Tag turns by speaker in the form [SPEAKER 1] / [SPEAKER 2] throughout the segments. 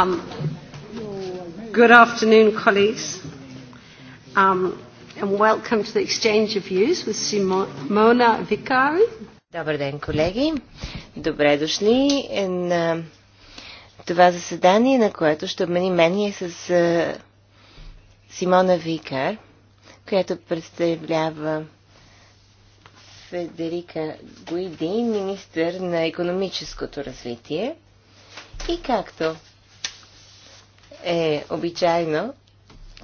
[SPEAKER 1] Um, good afternoon, colleagues,
[SPEAKER 2] um, and welcome to the exchange of views with Simona Vicari. Добър ден, колеги! Добре дошли на това заседание, на което ще обмени мнение с Симона Викар, която представлява Федерика Гуиди, министър на економическото развитие. И както е обичайно,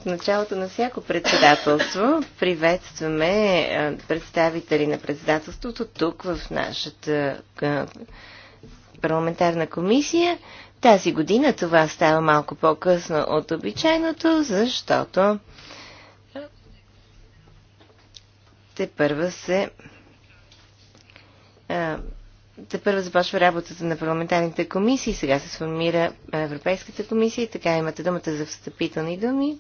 [SPEAKER 2] в началото на всяко председателство приветстваме е, представители на председателството тук в нашата е, парламентарна комисия. Тази година това става малко по-късно от обичайното, защото те първа се е, те първо започва работата на парламентарните комисии, сега се сформира Европейската комисия, така имате думата за встъпителни думи.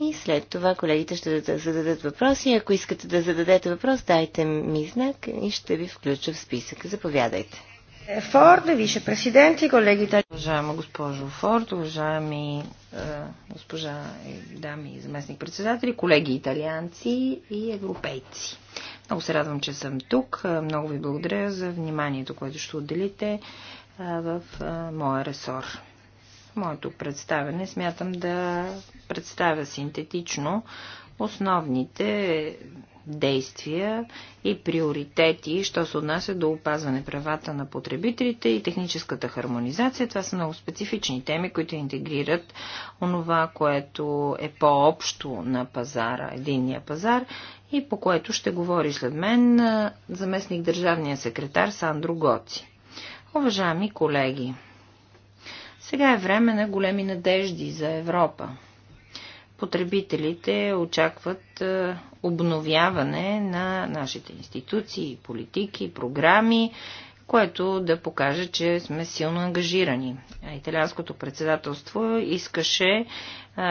[SPEAKER 2] И след това колегите ще зададат въпроси. Ако искате да зададете въпрос, дайте ми знак и ще ви включа в списък. Заповядайте.
[SPEAKER 3] Форд, више президенти колегите. Уважаема госпожо Форд, уважаеми е, госпожа и дами и заместник-председатели, колеги италианци и европейци. Много се радвам, че съм тук. Много ви благодаря за вниманието, което ще отделите в моя ресор. Моето представяне смятам да представя синтетично основните действия и приоритети, що се отнася до опазване правата на потребителите и техническата хармонизация. Това са много специфични теми, които интегрират онова, което е по-общо на пазара, единния пазар и по което ще говори след мен заместник държавния секретар Сандро Гоци. Уважаеми колеги, сега е време на големи надежди за Европа потребителите очакват е, обновяване на нашите институции, политики, програми, което да покаже, че сме силно ангажирани. Италианското председателство искаше е,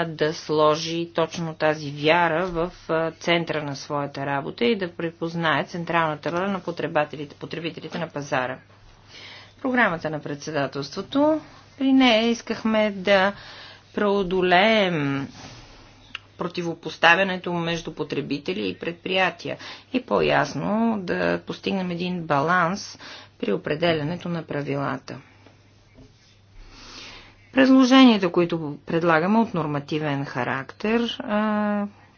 [SPEAKER 3] да сложи точно тази вяра в е, центъра на своята работа и да препознае централната роля на потребителите, потребителите на пазара. Програмата на председателството при нея искахме да преодолеем противопоставянето между потребители и предприятия и по-ясно да постигнем един баланс при определенето на правилата. Предложенията, които предлагаме от нормативен характер,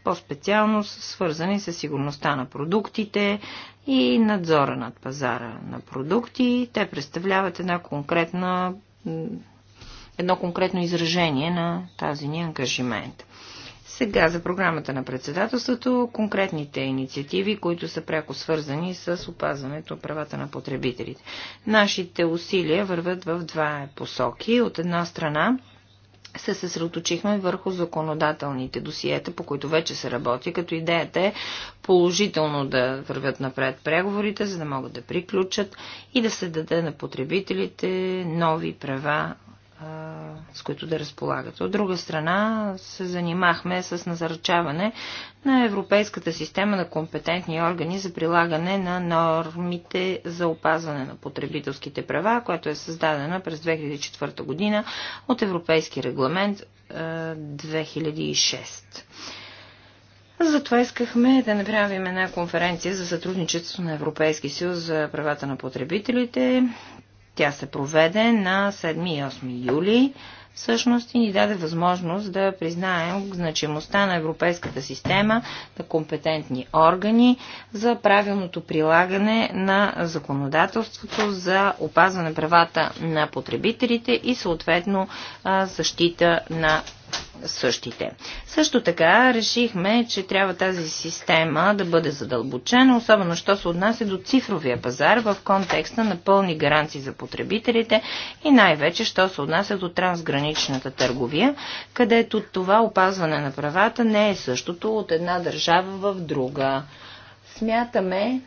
[SPEAKER 3] по-специално са свързани с сигурността на продуктите и надзора над пазара на продукти. Те представляват една конкретна, едно конкретно изражение на тази ни ангажимент. Сега за програмата на председателството, конкретните инициативи, които са пряко свързани с опазването правата на потребителите. Нашите усилия върват в два посоки. От една страна се съсредоточихме върху законодателните досиета, по които вече се работи, като идеята е положително да вървят напред преговорите, за да могат да приключат и да се даде на потребителите нови права с които да разполагат. От друга страна се занимахме с насърчаване на Европейската система на компетентни органи за прилагане на нормите за опазване на потребителските права, която е създадена през 2004 година от Европейски регламент 2006. Затова искахме да направим една конференция за сътрудничество на Европейски съюз за правата на потребителите. Тя се проведе на 7 и 8 юли всъщност и ни даде възможност да признаем значимостта на европейската система на компетентни органи за правилното прилагане на законодателството за опазване правата на потребителите и съответно защита на същите. Също така решихме, че трябва тази система да бъде задълбочена, особено що се отнася до цифровия пазар в контекста на пълни гаранции за потребителите и най-вече що се отнася до трансграничната търговия, където това опазване на правата не е същото от една държава в друга. Смятаме,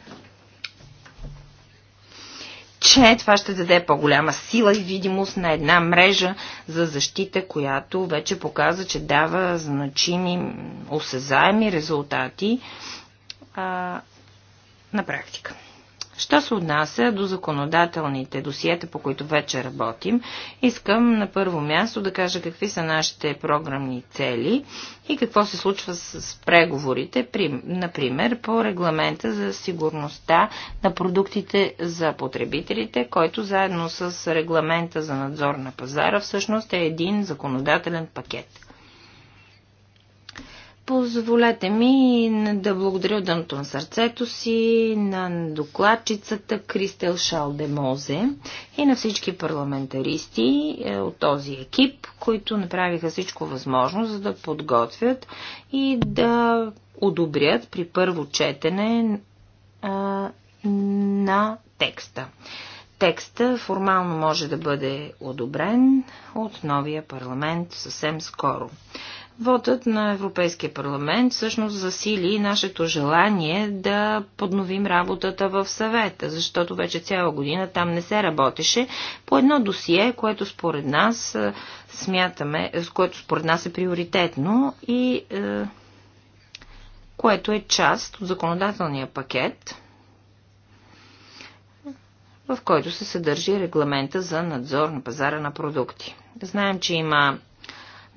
[SPEAKER 3] че това ще даде по-голяма сила и видимост на една мрежа за защита, която вече показа, че дава значими, осезаеми резултати а, на практика. Що се отнася до законодателните досиета, по които вече работим, искам на първо място да кажа какви са нашите програмни цели и какво се случва с преговорите, например по регламента за сигурността на продуктите за потребителите, който заедно с регламента за надзор на пазара всъщност е един законодателен пакет. Позволете ми да благодаря от дъното на сърцето си, на докладчицата Кристел Шалдемозе и на всички парламентаристи е, от този екип, които направиха всичко възможно, за да подготвят и да одобрят при първо четене а, на текста. Текста формално може да бъде одобрен от новия парламент съвсем скоро. Водът на Европейския парламент всъщност засили нашето желание да подновим работата в съвета, защото вече цяла година там не се работеше по едно досие, което според нас е, смятаме, което според нас е приоритетно и е, което е част от законодателния пакет, в който се съдържи регламента за надзор на пазара на продукти. Знаем, че има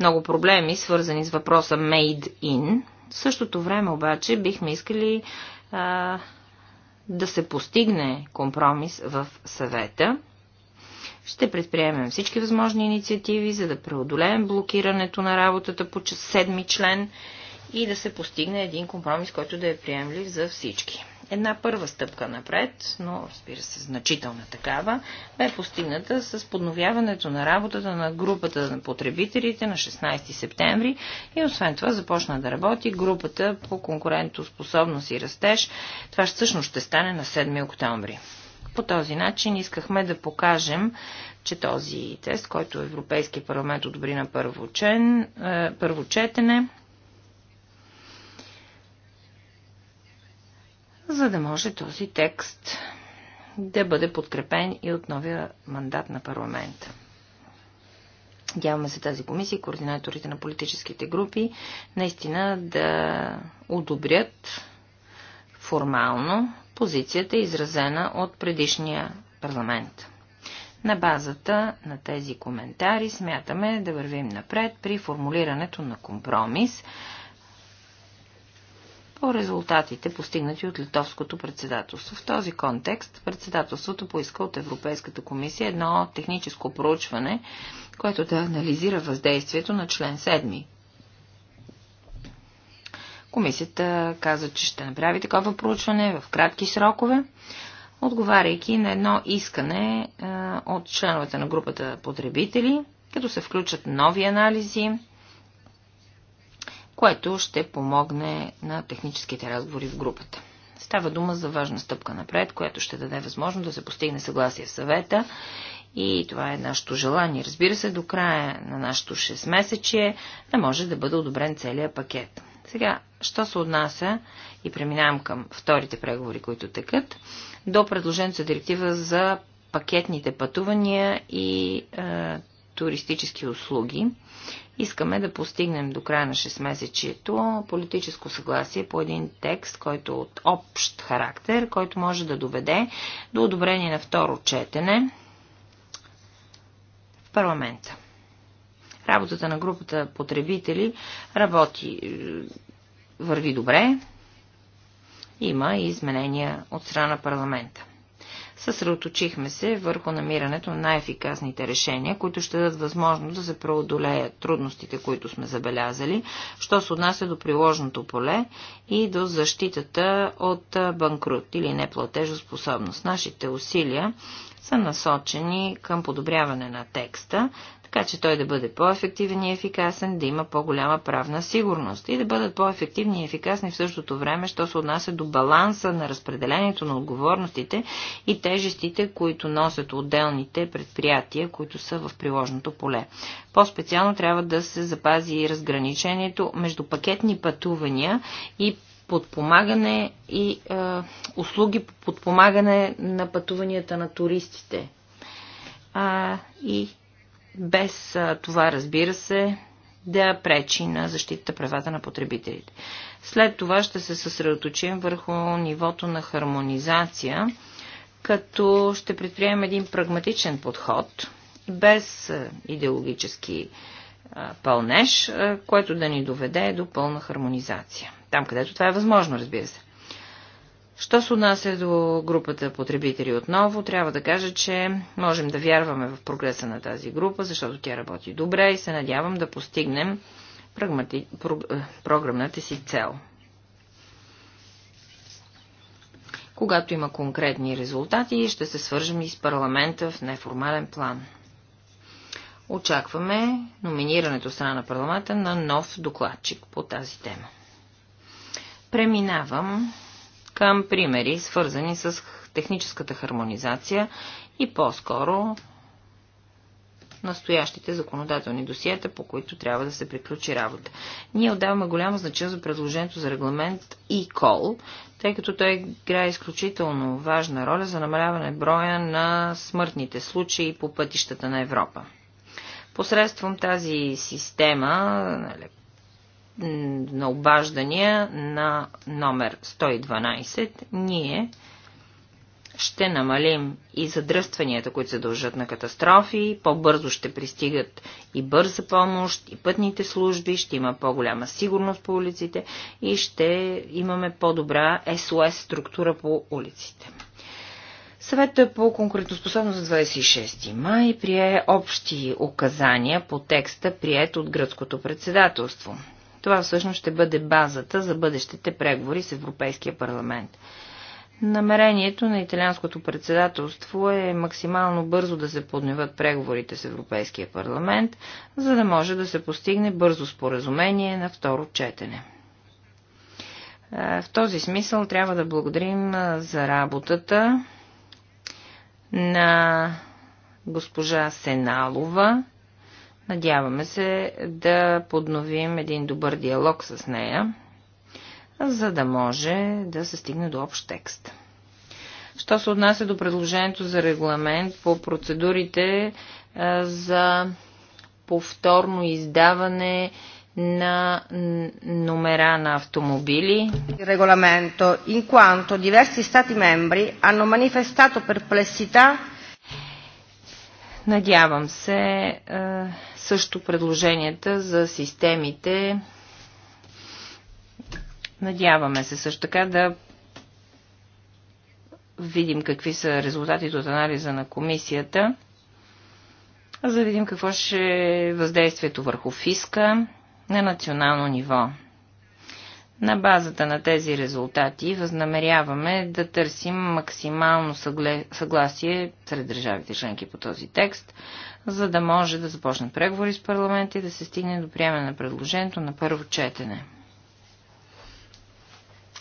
[SPEAKER 3] много проблеми, свързани с въпроса made in. В същото време обаче бихме искали а, да се постигне компромис в съвета. Ще предприемем всички възможни инициативи, за да преодолеем блокирането на работата по седми член и да се постигне един компромис, който да е приемлив за всички. Една първа стъпка напред, но разбира се значителна такава, бе постигната с подновяването на работата на групата на потребителите на 16 септември и освен това започна да работи групата по конкурентоспособност и растеж. Това всъщност ще стане на 7 октомври. По този начин искахме да покажем, че този тест, който Европейския парламент одобри на първо, чен, е, първо четене, за да може този текст да бъде подкрепен и от новия мандат на парламента. Дяваме се тази комисия координаторите на политическите групи наистина да одобрят формално позицията, изразена от предишния парламент. На базата на тези коментари смятаме да вървим напред при формулирането на компромис, по резултатите, постигнати от литовското председателство. В този контекст председателството поиска от Европейската комисия едно техническо проучване, което да анализира въздействието на член 7. Комисията каза, че ще направи такова проучване в кратки срокове, отговаряйки на едно искане от членовете на групата потребители, като се включат нови анализи, което ще помогне на техническите разговори в групата. Става дума за важна стъпка напред, която ще даде възможно да се постигне съгласие в съвета и това е нашето желание. Разбира се, до края на нашето 6 месече да може да бъде одобрен целият пакет. Сега, що се отнася и преминавам към вторите преговори, които текат, до предложението за директива за пакетните пътувания и е, туристически услуги. Искаме да постигнем до края на 6 месечието политическо съгласие по един текст, който е от общ характер, който може да доведе до одобрение на второ четене в парламента. Работата на групата потребители работи, е, върви добре. Има и изменения от страна на парламента. Съсредоточихме се върху намирането на най-ефикасните решения, които ще дадат възможност да се преодолеят трудностите, които сме забелязали, що се отнася до приложното поле и до защитата от банкрут или неплатежоспособност. Нашите усилия са насочени към подобряване на текста, така че той да бъде по-ефективен и ефикасен, да има по-голяма правна сигурност и да бъдат по-ефективни и ефикасни в същото време, що се отнася до баланса на разпределението на отговорностите и тежестите, които носят отделните предприятия, които са в приложното поле. По-специално трябва да се запази и разграничението между пакетни пътувания и подпомагане и е, услуги по подпомагане на пътуванията на туристите. А, и без това, разбира се, да пречи на защитата правата на потребителите. След това ще се съсредоточим върху нивото на хармонизация, като ще предприемем един прагматичен подход, без идеологически пълнеж, което да ни доведе до пълна хармонизация. Там, където това е възможно, разбира се. Що се отнася до групата потребители отново, трябва да кажа, че можем да вярваме в прогреса на тази група, защото тя работи добре и се надявам да постигнем прагмати... прог... Е, програмната си цел. Когато има конкретни резултати, ще се свържем и с парламента в неформален план. Очакваме номинирането страна на парламента на нов докладчик по тази тема. Преминавам към примери, свързани с техническата хармонизация и по-скоро настоящите законодателни досиета, по които трябва да се приключи работа. Ние отдаваме голяма значимост за предложението за регламент e-call, тъй като той играе изключително важна роля за намаляване броя на смъртните случаи по пътищата на Европа. Посредством тази система нали, на обаждания на номер 112, ние ще намалим и задръстванията, които се дължат на катастрофи, по-бързо ще пристигат и бърза помощ, и пътните служби, ще има по-голяма сигурност по улиците и ще имаме по-добра СОС структура по улиците. Съветът е по конкурентоспособност за 26 май прие общи указания по текста, прият от гръцкото председателство. Това всъщност ще бъде базата за бъдещите преговори с Европейския парламент. Намерението на италианското председателство е максимално бързо да се подневат преговорите с Европейския парламент, за да може да се постигне бързо споразумение на второ четене. В този смисъл трябва да благодарим за работата на госпожа Сеналова Надяваме се да подновим един добър диалог с нея, за да може да се стигне до общ текст. Що се отнася до предложението за регламент по процедурите за повторно издаване на номера на автомобили. регламент, regolamento, in quanto diversi stati membri hanno manifestato perplessità Надявам се е, също предложенията за системите. Надяваме се също така да видим какви са резултатите от анализа на комисията, за да видим какво ще е въздействието върху фиска на национално ниво. На базата на тези резултати възнамеряваме да търсим максимално съгласие сред държавите членки по този текст, за да може да започнат преговори с парламента и да се стигне до приемане на предложението на първо четене.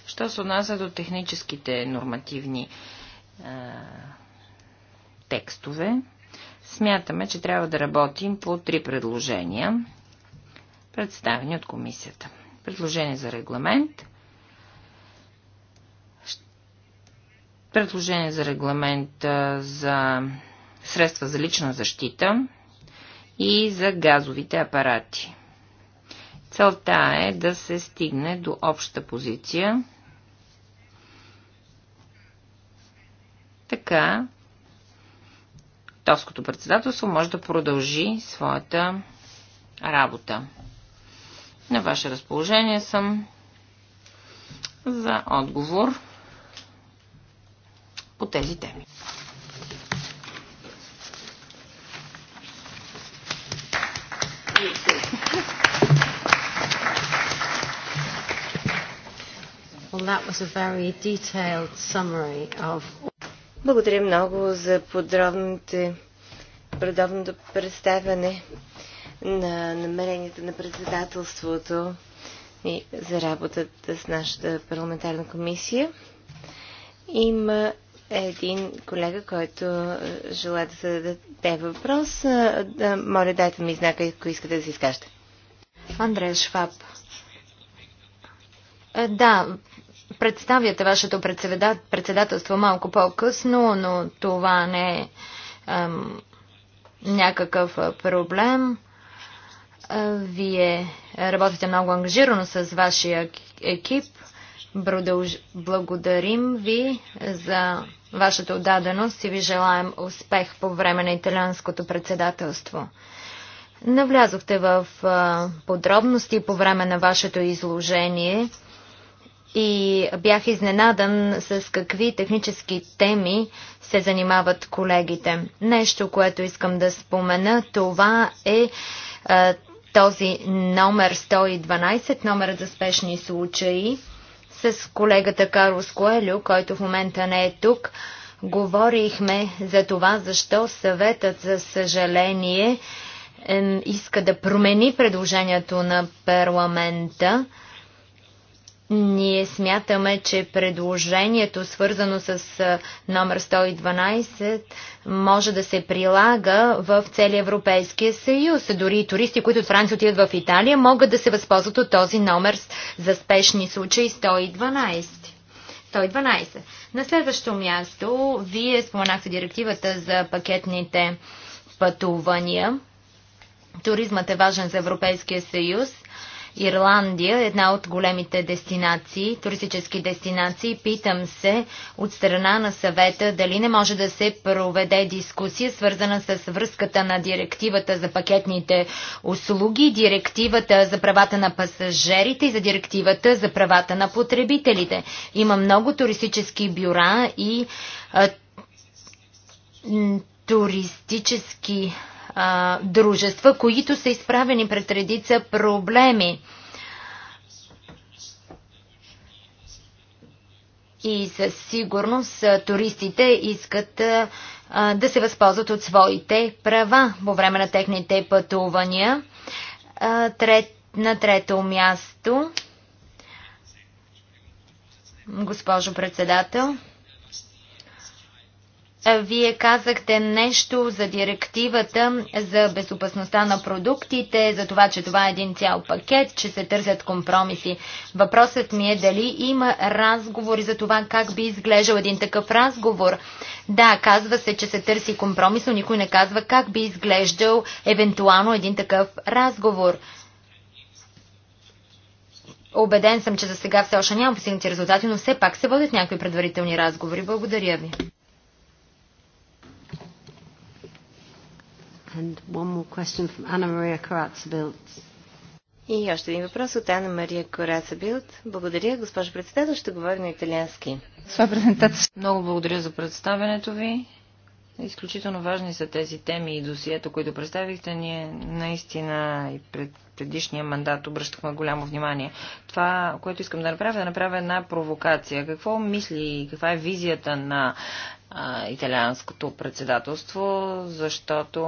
[SPEAKER 3] Що се отнася до техническите нормативни е, текстове, смятаме, че трябва да работим по три предложения, представени от комисията. Предложение за регламент. Предложение за регламент за средства за лична защита и за газовите апарати. Целта е да се стигне до обща позиция. Така, Товското председателство може да продължи своята работа. На ваше разположение съм за отговор по тези теми.
[SPEAKER 2] Well, of... Благодаря много за подробното представяне на намеренията на председателството и за работата с нашата парламентарна комисия. Има един колега, който е, желая да зададе въпрос. Е, е, моля, дайте ми знака, ако
[SPEAKER 4] искате да се изкажете. Андрея Шваб. Да, представяте вашето председателство малко по-късно, но това не е ам, някакъв проблем. Вие работите много ангажирано с вашия екип. Благодарим ви за вашата отдаденост и ви желаем успех по време на италианското председателство. Навлязохте в подробности по време на вашето изложение и бях изненадан с какви технически теми се занимават колегите. Нещо, което искам да спомена, това е този номер 112, номерът за спешни случаи, с колегата Карлос Коелю, който в момента не е тук, говорихме за това, защо съветът, за съжаление, иска да промени предложението на парламента. Ние смятаме, че предложението, свързано с номер 112, може да се прилага в целия Европейския съюз. Дори и туристи, които от Франция отиват в Италия, могат да се възползват от този номер за спешни случаи 112. 112. На следващо място, вие споменахте директивата за пакетните пътувания. Туризмът е важен за Европейския съюз Ирландия, една от големите дестинации, туристически дестинации. Питам се от страна на съвета дали не може да се проведе дискусия, свързана с връзката на директивата за пакетните услуги, директивата за правата на пасажирите и за директивата за правата на потребителите. Има много туристически бюра и а, туристически а, дружества, които са изправени пред редица проблеми. И със сигурност туристите искат а, да се възползват от своите права по време на техните пътувания. А, трет, на трето място, госпожо председател, е, вие казахте нещо за директивата за безопасността на продуктите, за това, че това е един цял пакет, че се търсят компромиси. Въпросът ми е дали има разговори за това как би изглеждал един такъв разговор. Да, казва се, че се търси компромис, но никой не казва как би изглеждал евентуално един такъв разговор. Обеден съм, че за сега все още няма постигнати резултати, но все пак се водят някакви предварителни разговори. Благодаря ви.
[SPEAKER 1] And one more question from Anna Maria Karatsabilt.
[SPEAKER 2] И още един въпрос от Анна Мария Кораца Билт. Благодаря, госпожо председател. Ще говоря на италиански. Това презентация. Много благодаря за представенето ви.
[SPEAKER 3] Изключително важни са тези теми и досието, които представихте. Ние наистина и пред предишния мандат обръщахме голямо внимание. Това, което искам да направя, е да направя една провокация. Какво мисли, каква е визията на италианското председателство, защото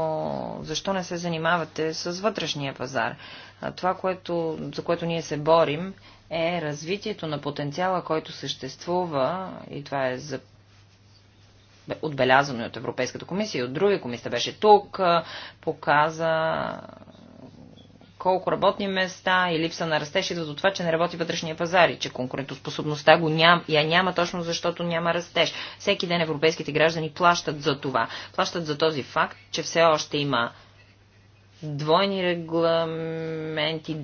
[SPEAKER 3] защо не се занимавате с вътрешния пазар? това, което, за което ние се борим, е развитието на потенциала, който съществува, и това е за отбелязано и от Европейската комисия, и от други комисия беше тук, показа колко работни места и липса на растеж идват от това, че не работи вътрешния пазар и че конкурентоспособността го ням, я няма точно защото няма растеж. Всеки ден европейските граждани плащат за това. Плащат за този факт, че все още има двойни регламенти,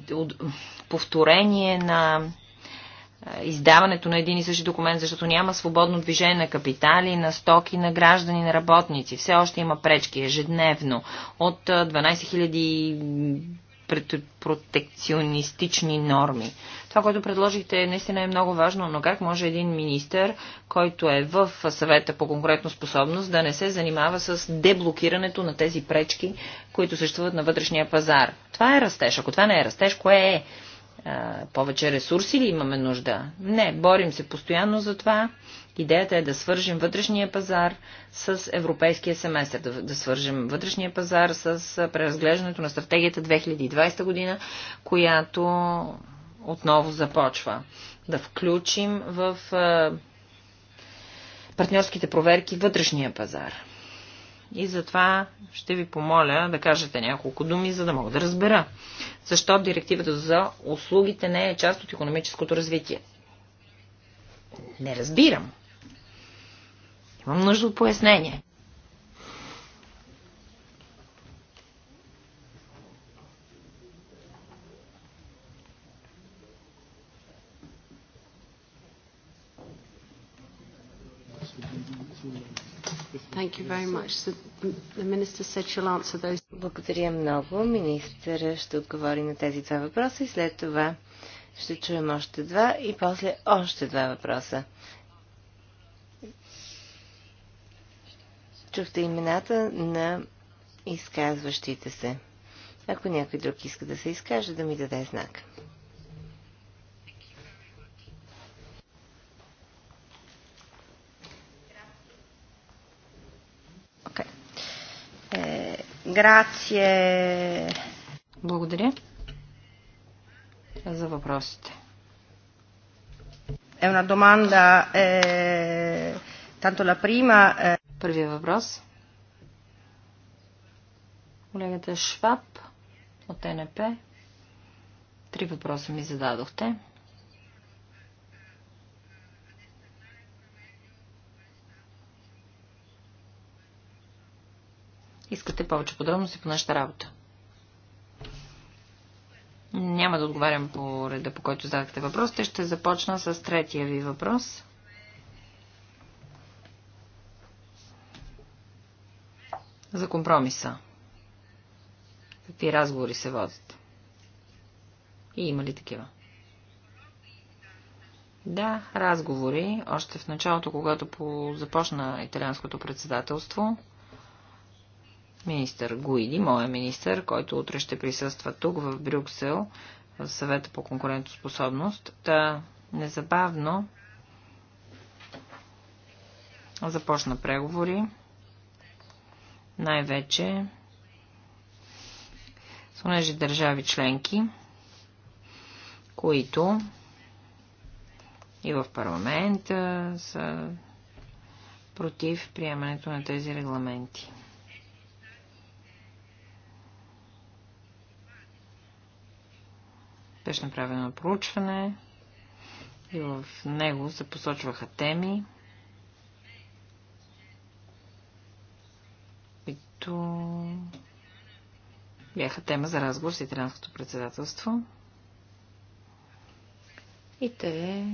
[SPEAKER 3] повторение на е, издаването на един и същи документ, защото няма свободно движение на капитали, на стоки, на граждани, на работници. Все още има пречки ежедневно. От 12 е, 000 протекционистични норми. Това, което предложихте, наистина е много важно, но как може един министр, който е в съвета по конкретно способност, да не се занимава с деблокирането на тези пречки, които съществуват на вътрешния пазар? Това е растеж. Ако това не е растеж, кое е? повече ресурси ли имаме нужда? Не, борим се постоянно за това. Идеята е да свържим вътрешния пазар с европейския семестър, да, да свържем вътрешния пазар с преразглеждането на стратегията 2020 година, която отново започва. Да включим в партньорските проверки вътрешния пазар. И затова ще ви помоля да кажете няколко думи, за да мога да разбера защо директивата за услугите не е част от економическото развитие.
[SPEAKER 2] Не разбирам.
[SPEAKER 3] Имам нужда от пояснение.
[SPEAKER 1] Thank you.
[SPEAKER 2] Благодаря много. Министър ще отговори на тези два въпроса и след това ще чуем още два и после още два въпроса. Чухте имената на изказващите се. Ако някой друг иска да се изкаже, да ми даде знак. Грация.
[SPEAKER 3] Благодаря за въпросите. Е една доманда, е, Танто la прима. Е... Първият въпрос. Колегата Шваб от НП. Три въпроса ми зададохте. искате повече подробности по нашата работа. Няма да отговарям по реда, по който задахте въпросите. Ще започна с третия ви въпрос. За компромиса. Какви разговори се водят? И има ли такива? Да, разговори. Още в началото, когато започна италианското председателство, министър Гуиди, моя министър, който утре ще присъства тук в Брюксел, в съвета по конкурентоспособност. да незабавно започна преговори. Най-вече с онежи държави членки, които и в парламента са против приемането на тези регламенти. Беше направено проучване и в него се посочваха теми, които бяха тема за разговор с италианското председателство. И те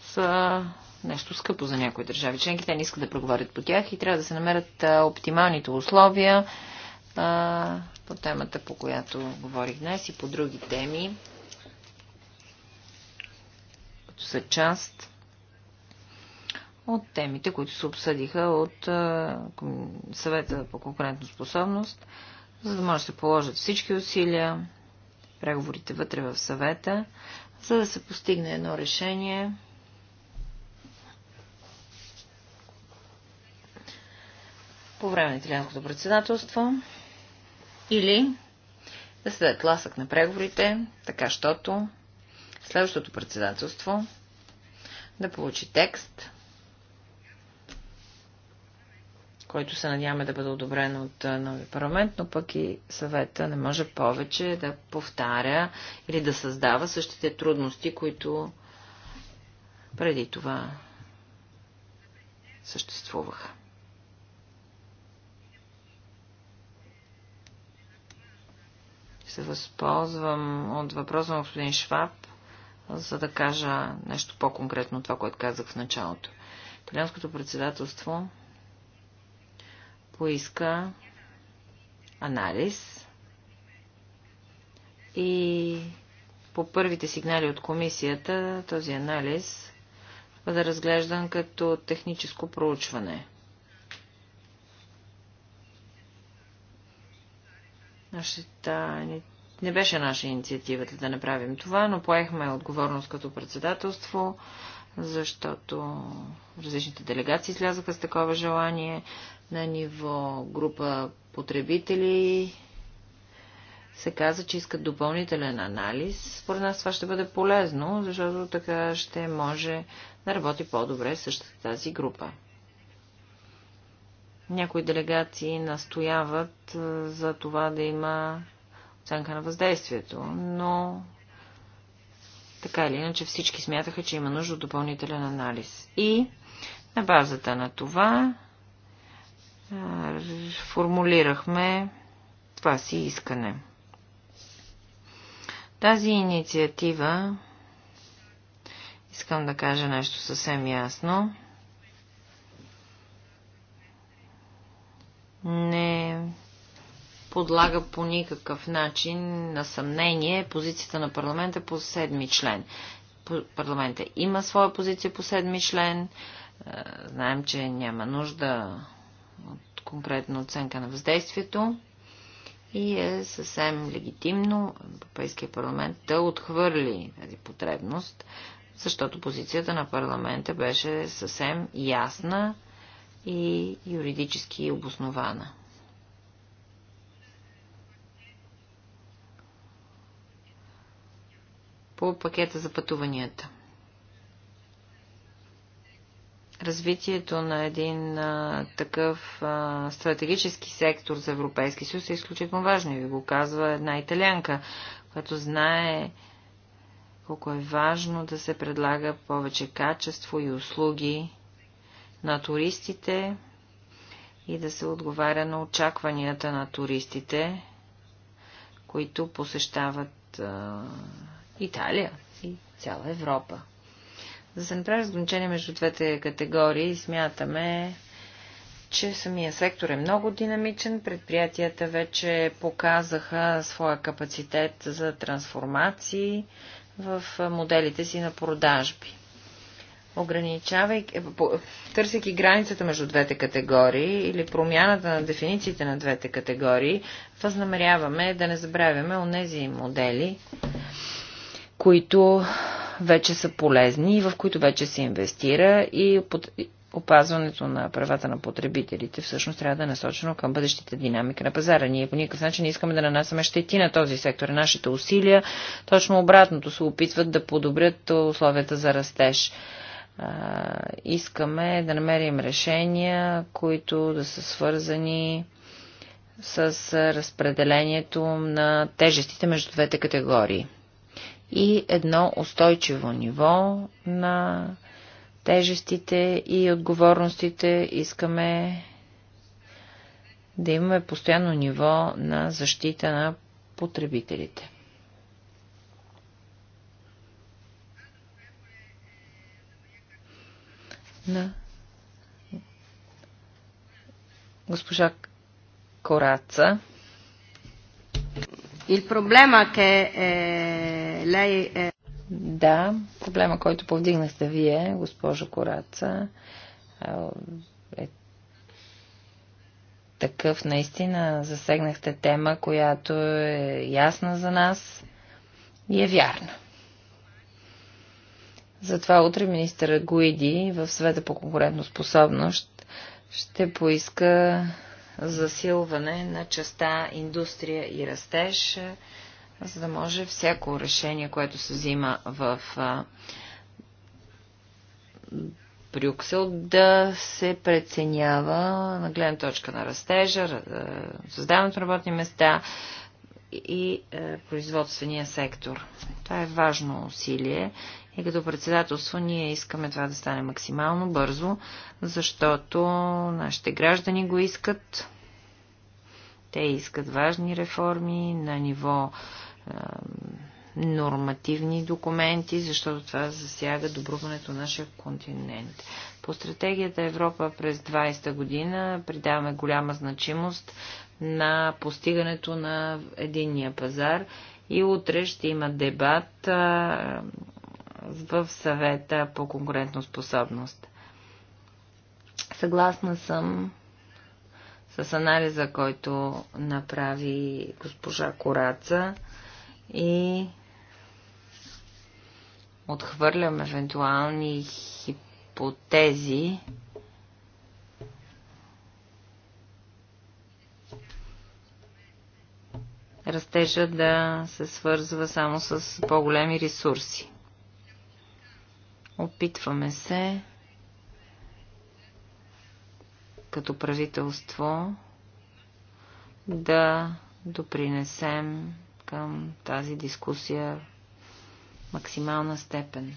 [SPEAKER 3] са нещо скъпо за някои държави членки. Те не искат да преговарят по тях и трябва да се намерят оптималните условия а, по темата, по която говорих днес и по други теми, които са част от темите, които се обсъдиха от а, съвета по конкурентоспособност, за да може да се положат всички усилия, преговорите вътре в съвета, за да се постигне едно решение, по време на италианското председателство. Или да се даде тласък на преговорите, така щото следващото председателство да получи текст, който се надяваме да бъде одобрен от нови парламент, но пък и съвета не може повече да повтаря или да създава същите трудности, които преди това съществуваха. се възползвам от въпроса на господин Шваб, за да кажа нещо по-конкретно от това, което казах в началото. Италианското председателство поиска анализ и по първите сигнали от комисията този анализ бъде разглеждан като техническо проучване – Нашата, не беше наша инициативата да направим това, но поехме отговорност като председателство, защото различните делегации слязаха с такова желание на ниво група потребители. Се каза, че искат допълнителен анализ. Според нас това ще бъде полезно, защото така ще може да работи по-добре същата тази група. Някои делегации настояват е, за това да има оценка на въздействието, но така или иначе всички смятаха, че има нужда от допълнителен анализ. И на базата на това е, формулирахме това си искане. Тази инициатива, искам да кажа нещо съвсем ясно, не подлага по никакъв начин на съмнение позицията на парламента по седми член. Парламента има своя позиция по седми член. Е, знаем, че няма нужда от конкретна оценка на въздействието и е съвсем легитимно Европейския парламент да отхвърли тази потребност, защото позицията на парламента беше съвсем ясна и юридически обоснована. По пакета за пътуванията. Развитието на един а, такъв а, стратегически сектор за Европейски съюз е изключително важно. И ви го казва една италянка, която знае колко е важно да се предлага повече качество и услуги на туристите и да се отговаря на очакванията на туристите, които посещават а, Италия и цяла Европа. За да се направи разграничение между двете категории, смятаме, че самия сектор е много динамичен, предприятията вече показаха своя капацитет за трансформации в моделите си на продажби ограничавайки, е, търсейки границата между двете категории или промяната на дефинициите на двете категории, възнамеряваме да не забравяме онези модели, които вече са полезни и в които вече се инвестира и опазването на правата на потребителите всъщност трябва да е насочено към бъдещите динамики на пазара. Ние по никакъв начин не искаме да нанасяме щети на този сектор. Нашите усилия точно обратното се опитват да подобрят условията за растеж искаме да намерим решения, които да са свързани с разпределението на тежестите между двете категории и едно устойчиво ниво на тежестите и отговорностите. Искаме да имаме постоянно ниво на защита на потребителите. на госпожа Кораца. Il problema che eh, lei eh... Да, проблема, който повдигнахте вие, госпожо Кораца, е такъв. Наистина засегнахте тема, която е ясна за нас и е вярна. Затова утре министъра Гуиди в света по конкурентоспособност ще поиска засилване на частта индустрия и растеж, за да може всяко решение, което се взима в Брюксел, да се преценява на гледна точка на растежа, създаването на работни места и производствения сектор. Това е важно усилие и като председателство ние искаме това да стане максимално бързо, защото нашите граждани го искат. Те искат важни реформи на ниво е, нормативни документи, защото това засяга добруването на нашия континент. По стратегията Европа през 20-та година придаваме голяма значимост на постигането на единния пазар и утре ще има дебат в съвета по конкурентно способност.
[SPEAKER 2] Съгласна съм
[SPEAKER 3] с анализа, който направи госпожа Кораца и отхвърлям евентуални хипотези, растежа да се свързва само с по-големи ресурси. Опитваме се като правителство да допринесем към тази дискусия максимална степен.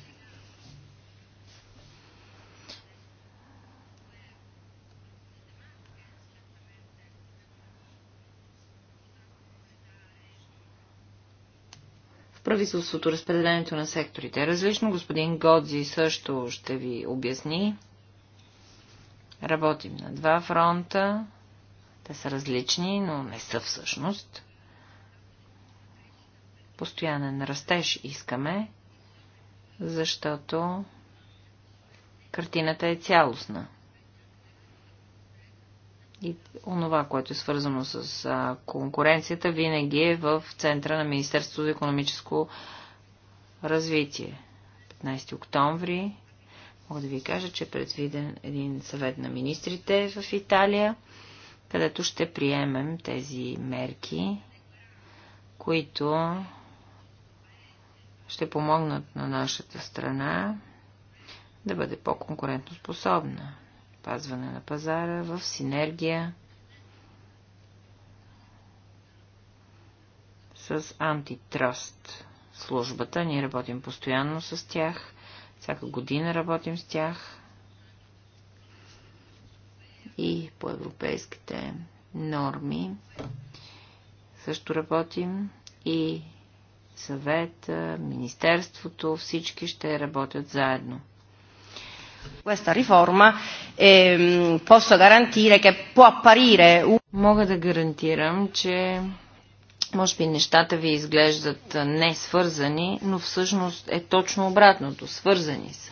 [SPEAKER 3] правителството разпределението на секторите е различно. Господин Годзи също ще ви обясни. Работим на два фронта. Те са различни, но не са всъщност. Постоянен растеж искаме, защото картината е цялостна. И онова, което е свързано с а, конкуренцията, винаги е в центъра на Министерството за економическо развитие. 15 октомври мога да ви кажа, че е предвиден един съвет на министрите в Италия, където ще приемем тези мерки, които ще помогнат на нашата страна да бъде по-конкурентоспособна. Пазване на пазара в синергия с антитраст службата. Ние работим постоянно с тях. Всяка година работим с тях. И по европейските норми също работим. И съвет, министерството, всички ще работят заедно. Questa riforma ehm, posso garantire che può apparire... Мога да гарантирам, че може би нещата ви изглеждат не свързани, но всъщност е точно обратното. Свързани са.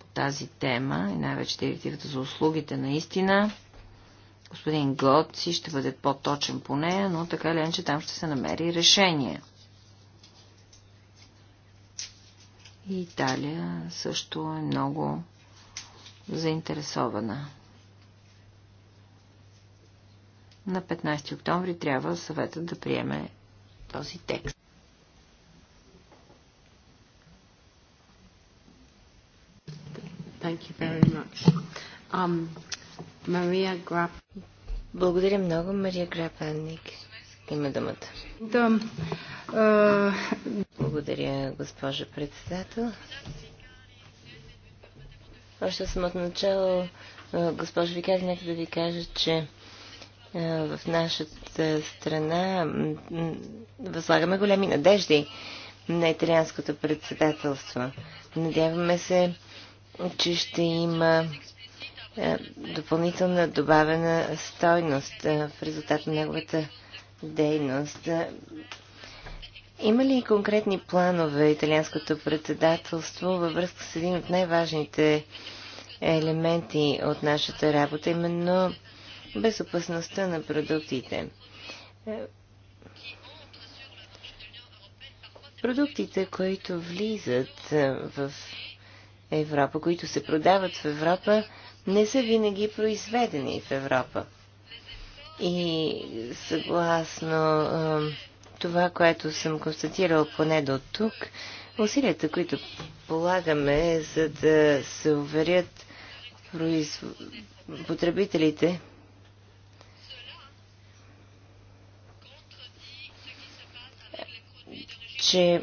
[SPEAKER 3] По тази тема и най-вече директивата за услугите наистина господин Год ще бъде по-точен по нея, но така или че там ще се намери решение. И Италия също е много заинтересована. На 15 октомври трябва съветът да приеме
[SPEAKER 1] този текст.
[SPEAKER 2] Thank you very much. Um, Maria Благодаря много, Мария Грапенник. Има думата. Да, благодаря, госпожа председател. Още съм от начало, госпожа Викари, нека да ви кажа, че в нашата страна възлагаме големи надежди на италианското председателство. Надяваме се, че ще има допълнителна добавена стойност в резултат на неговата дейност. Има ли конкретни планове италианското председателство във връзка с един от най-важните елементи от нашата работа, именно безопасността на продуктите? Е, продуктите, които влизат е, в Европа, които се продават в Европа, не са винаги произведени в Европа. И съгласно това, което съм констатирал поне до тук, усилията, които полагаме, за да се уверят произв... потребителите, че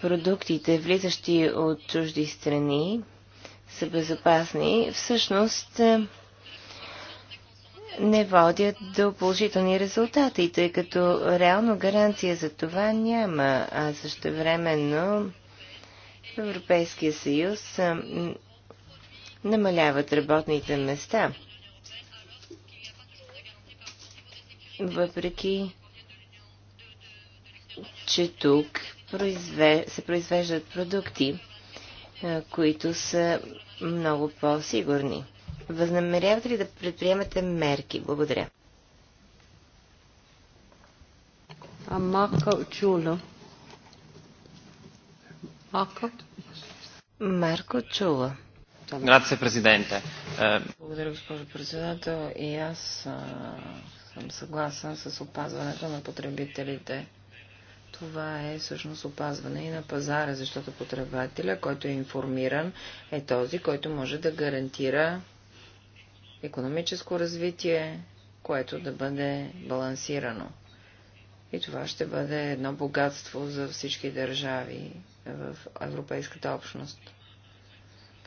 [SPEAKER 2] продуктите, влизащи от чужди страни, са безопасни, всъщност не водят до положителни резултати, тъй като реално гаранция за това няма, а също времено Европейския съюз намаляват работните места. Въпреки, че тук се произвеждат продукти, които са много по-сигурни. Възнамерявате ли да предприемате мерки? Благодаря. А Марко Чуло. Марко? Марко Чуло.
[SPEAKER 3] Грация, президенте. Е, Благодаря, госпожо председател. И аз а, съм съгласен с опазването на потребителите. Това е всъщност опазване и на пазара, защото потребателя, който е информиран, е този, който може да гарантира економическо развитие, което да бъде балансирано. И това ще бъде едно богатство за всички държави в Европейската общност.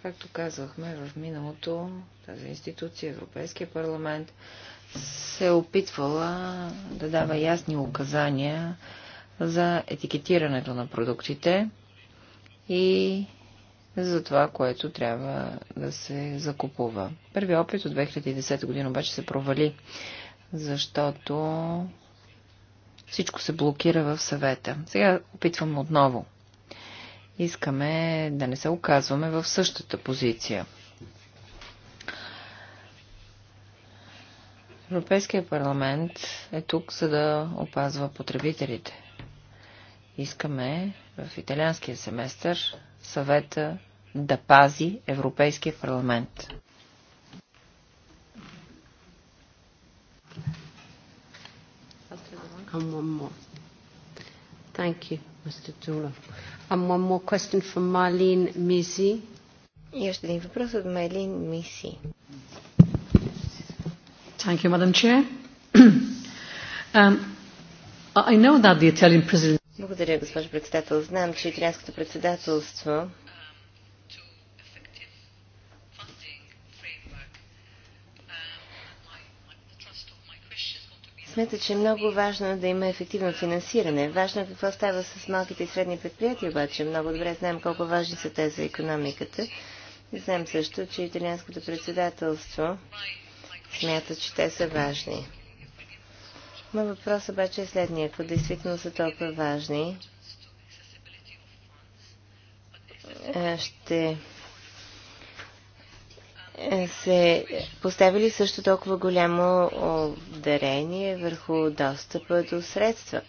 [SPEAKER 3] Както казвахме в миналото, тази институция, Европейския парламент, се е опитвала да дава ясни указания за етикетирането на продуктите и за това, което трябва да се закупува. Първият опит от 2010 година обаче се провали, защото всичко се блокира в съвета. Сега опитвам отново. Искаме да не се оказваме в същата позиция. Европейския парламент е тук, за да опазва потребителите. Искаме в италианския семестър съвета да пази Европейския парламент.
[SPEAKER 4] Thank you, Mr. Tula. And one more question from Marlene
[SPEAKER 1] Misi.
[SPEAKER 2] И още един въпрос от Майлин Миси.
[SPEAKER 1] Thank you, Madam Chair. um, I know that the Italian president
[SPEAKER 2] благодаря, госпожо председател. Знам, че италианското председателство смята, че е много важно да има ефективно финансиране. Важно е какво става с малките и средни предприятия, обаче много добре знаем колко важни са те за економиката. И знаем също, че италианското председателство смята, че те са важни. Моят въпрос обаче е следния. Ако действително са толкова важни, ще се поставили също толкова голямо дарение върху достъпа до средства.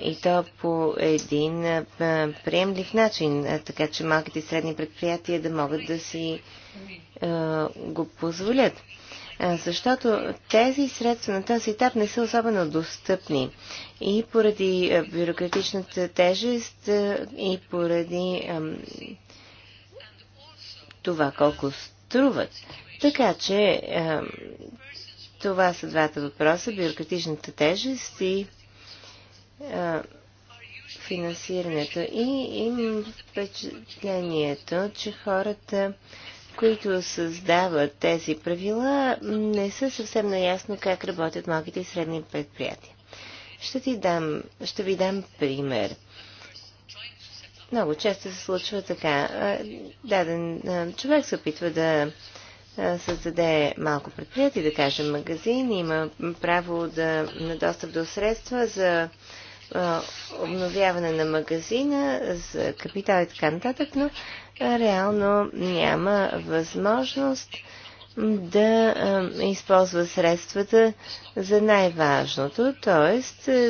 [SPEAKER 2] И то по един приемлив начин, така че малките и средни предприятия да могат да си го позволят защото тези средства на този етап не са особено достъпни и поради бюрократичната тежест и поради това колко струват. Така че това са двата въпроса бюрократичната тежест и финансирането. И имам впечатлението, че хората които създават тези правила, не са съвсем наясно как работят малките и средни предприятия. Ще, ти дам, ще ви дам пример. Много често се случва така. Даден човек се опитва да създаде малко предприятие, да кажем магазин, има право да, на достъп до средства за обновяване на магазина, за капитал и така нататък, но реално няма възможност да използва средствата за най-важното, т.е.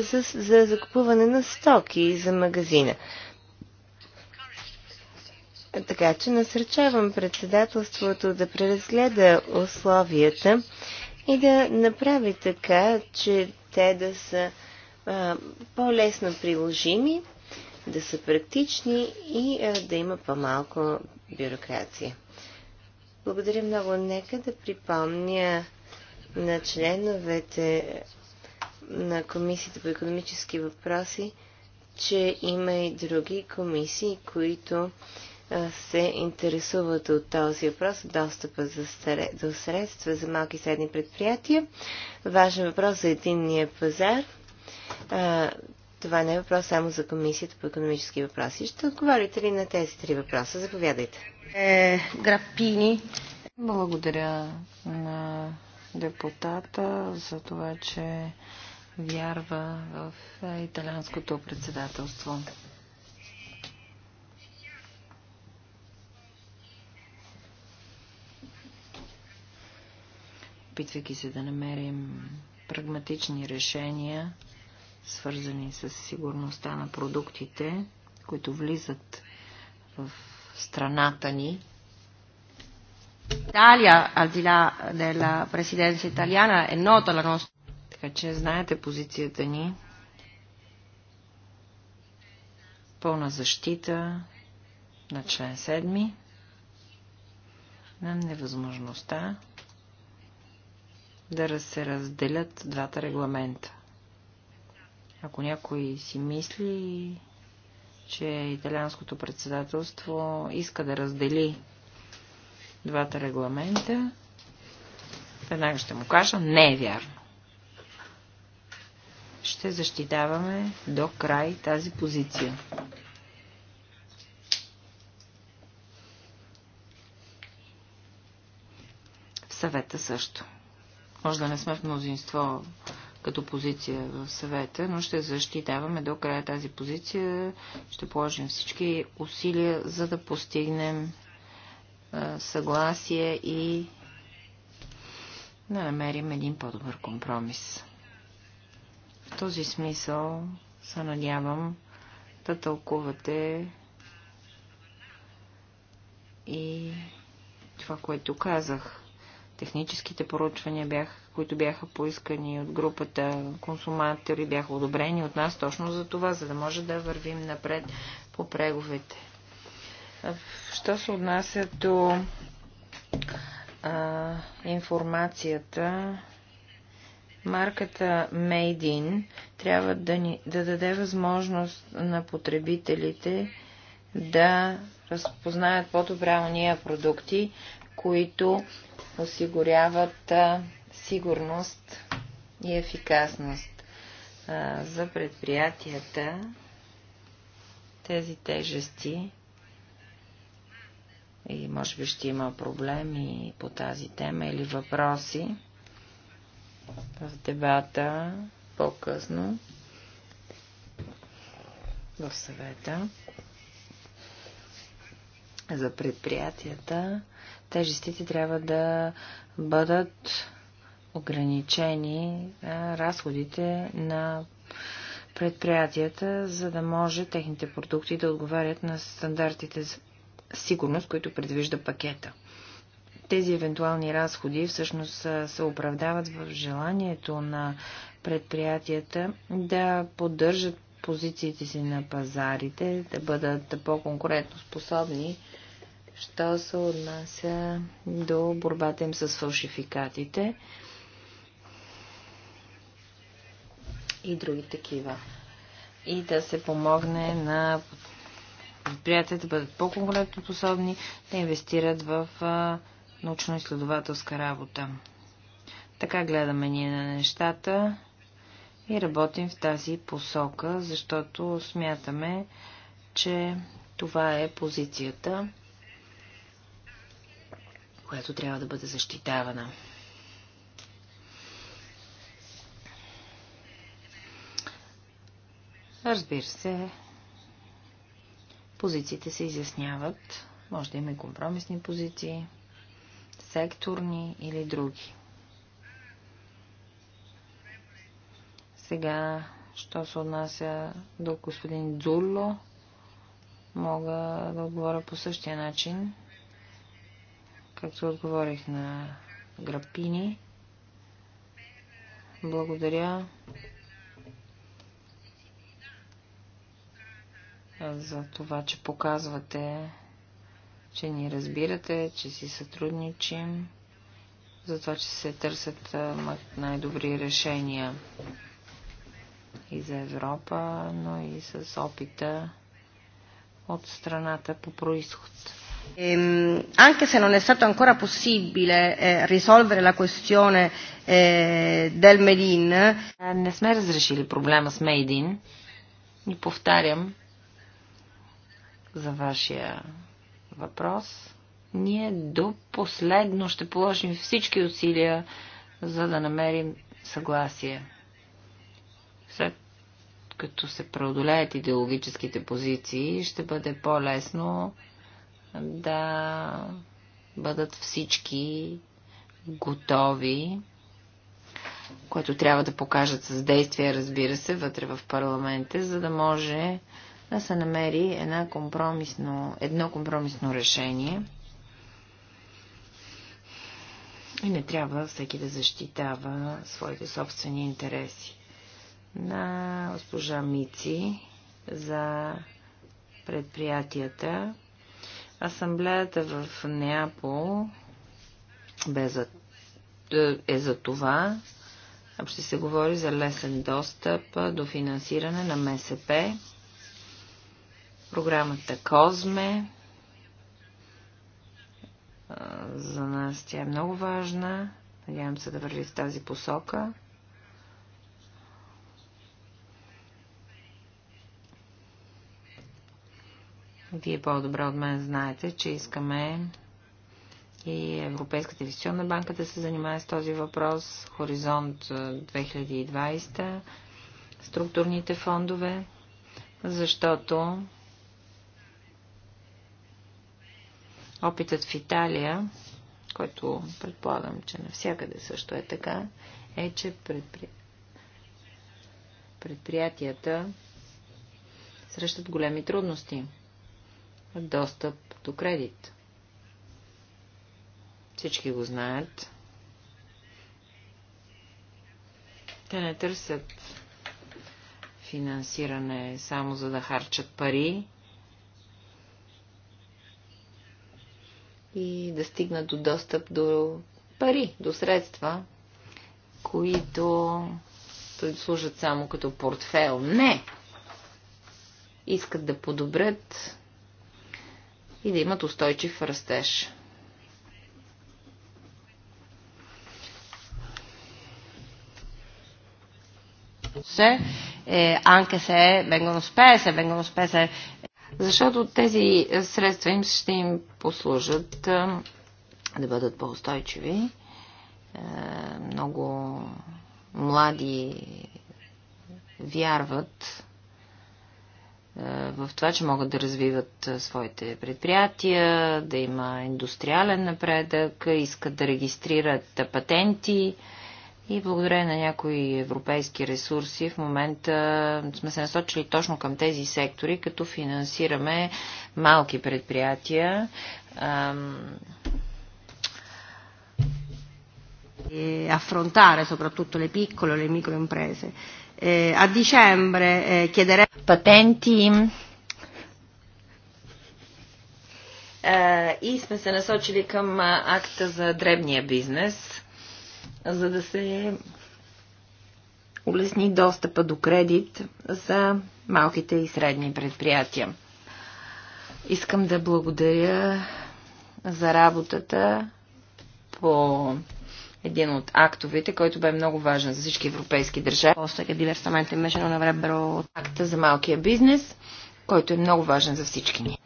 [SPEAKER 2] За, за закупуване на стоки за магазина. Така че насърчавам председателството да преразгледа условията и да направи така, че те да са по-лесно приложими, да са практични и да има по-малко бюрокрация. Благодаря много. Нека да припомня на членовете на Комисията по економически въпроси, че има и други комисии, които се интересуват от този въпрос, от достъпа за сред... до средства за малки и средни предприятия. Важен въпрос за единния пазар – а, това не е въпрос само за Комисията по економически въпроси. Ще отговорите ли на тези три въпроса? Заповядайте. Е, грапини. Благодаря на
[SPEAKER 3] депутата за това, че вярва в италианското председателство. Опитвайки се да намерим прагматични решения, свързани с сигурността на продуктите, които влизат в страната ни. Италия, аз дила на президенция Италиана, е нота на la Така че знаете позицията ни. Пълна защита на член 7 на невъзможността да се разделят двата регламента. Ако някой си мисли, че италианското председателство иска да раздели двата регламента, веднага ще му кажа, не е вярно. Ще защитаваме до край тази позиция. В съвета също. Може да не сме в мнозинство като позиция в съвета, но ще защитаваме до края тази позиция. Ще положим всички усилия, за да постигнем съгласие и да намерим един по-добър компромис. В този смисъл се надявам да тълкувате и това, което казах. Техническите поручвания бях които бяха поискани от групата консуматори, бяха одобрени от нас точно за това, за да може да вървим напред по преговете. Що се отнася до а, информацията, марката Made in трябва да, ни, да даде възможност на потребителите да разпознаят по-добре уния продукти, които осигуряват а, сигурност и ефикасност. А, за предприятията тези тежести и може би ще има проблеми по тази тема или въпроси в дебата по-късно в съвета за предприятията, тежестите трябва да бъдат ограничени разходите на предприятията, за да може техните продукти да отговарят на стандартите за сигурност, които предвижда пакета. Тези евентуални разходи всъщност се оправдават в желанието на предприятията да поддържат позициите си на пазарите, да бъдат по-конкурентно способни, що се отнася до борбата им с фалшификатите и други такива. И да се помогне на предприятията да бъдат по способни да инвестират в научно-изследователска работа. Така гледаме ние на нещата и работим в тази посока, защото смятаме, че това е позицията, която трябва да бъде защитавана. Разбира се, позициите се изясняват. Може да има и компромисни позиции, секторни или други. Сега, що се отнася до господин Дзулло, мога да отговоря по същия начин, както отговорих на Грапини. Благодаря за това, че показвате, че ни разбирате, че си сътрудничим, за това, че се търсят най-добри решения и за Европа, но и с опита от страната по происход. Ehm,
[SPEAKER 2] anche se non è stato ancora possibile eh, risolvere la questione
[SPEAKER 3] eh, del Medin, не сме разрешили проблема с Мейдин. И повтарям, за вашия въпрос. Ние до последно ще положим всички усилия, за да намерим съгласие. След като се преодолеят идеологическите позиции, ще бъде по-лесно да бъдат всички готови, което трябва да покажат с действия, разбира се, вътре в парламента, за да може да се намери една компромисно, едно компромисно решение. И не трябва всеки да защитава своите собствени интереси. На госпожа Мици за предприятията. Асамблеята в Неапол бе за, е за това. Ще се говори за лесен достъп до финансиране на МСП Програмата Козме. За нас тя е много важна. Надявам се да върви в тази посока. Вие по-добре от мен знаете, че искаме и Европейската инвестиционна банка да се занимава с този въпрос, Хоризонт 2020, структурните фондове, защото Опитът в Италия, който предполагам, че навсякъде също е така, е, че предпри... предприятията срещат големи трудности. Достъп до кредит. Всички го знаят. Те не търсят финансиране само за да харчат пари, и да стигнат до достъп до пари, до средства, които служат само като портфел. Не! Искат да подобрят и да имат устойчив растеж. eh, anche se vengono spese, vengono spese защото тези средства им ще им послужат да бъдат по-устойчиви. Много млади вярват в това, че могат да развиват своите предприятия, да има индустриален напредък, искат да регистрират патенти и благодарение на някои европейски ресурси в момента сме се насочили точно към тези сектори, като финансираме малки предприятия. affrontare soprattutto е, le piccole e le microimprese. Eh, a dicembre eh, chiederemo patenti и сме се насочили към акта за дребния бизнес за да се улесни достъпа до кредит за малките и средни предприятия. Искам да благодаря за работата по един от актовете, който бе много важен за всички европейски държави. е Акта за малкия бизнес, който е много важен за всички ни.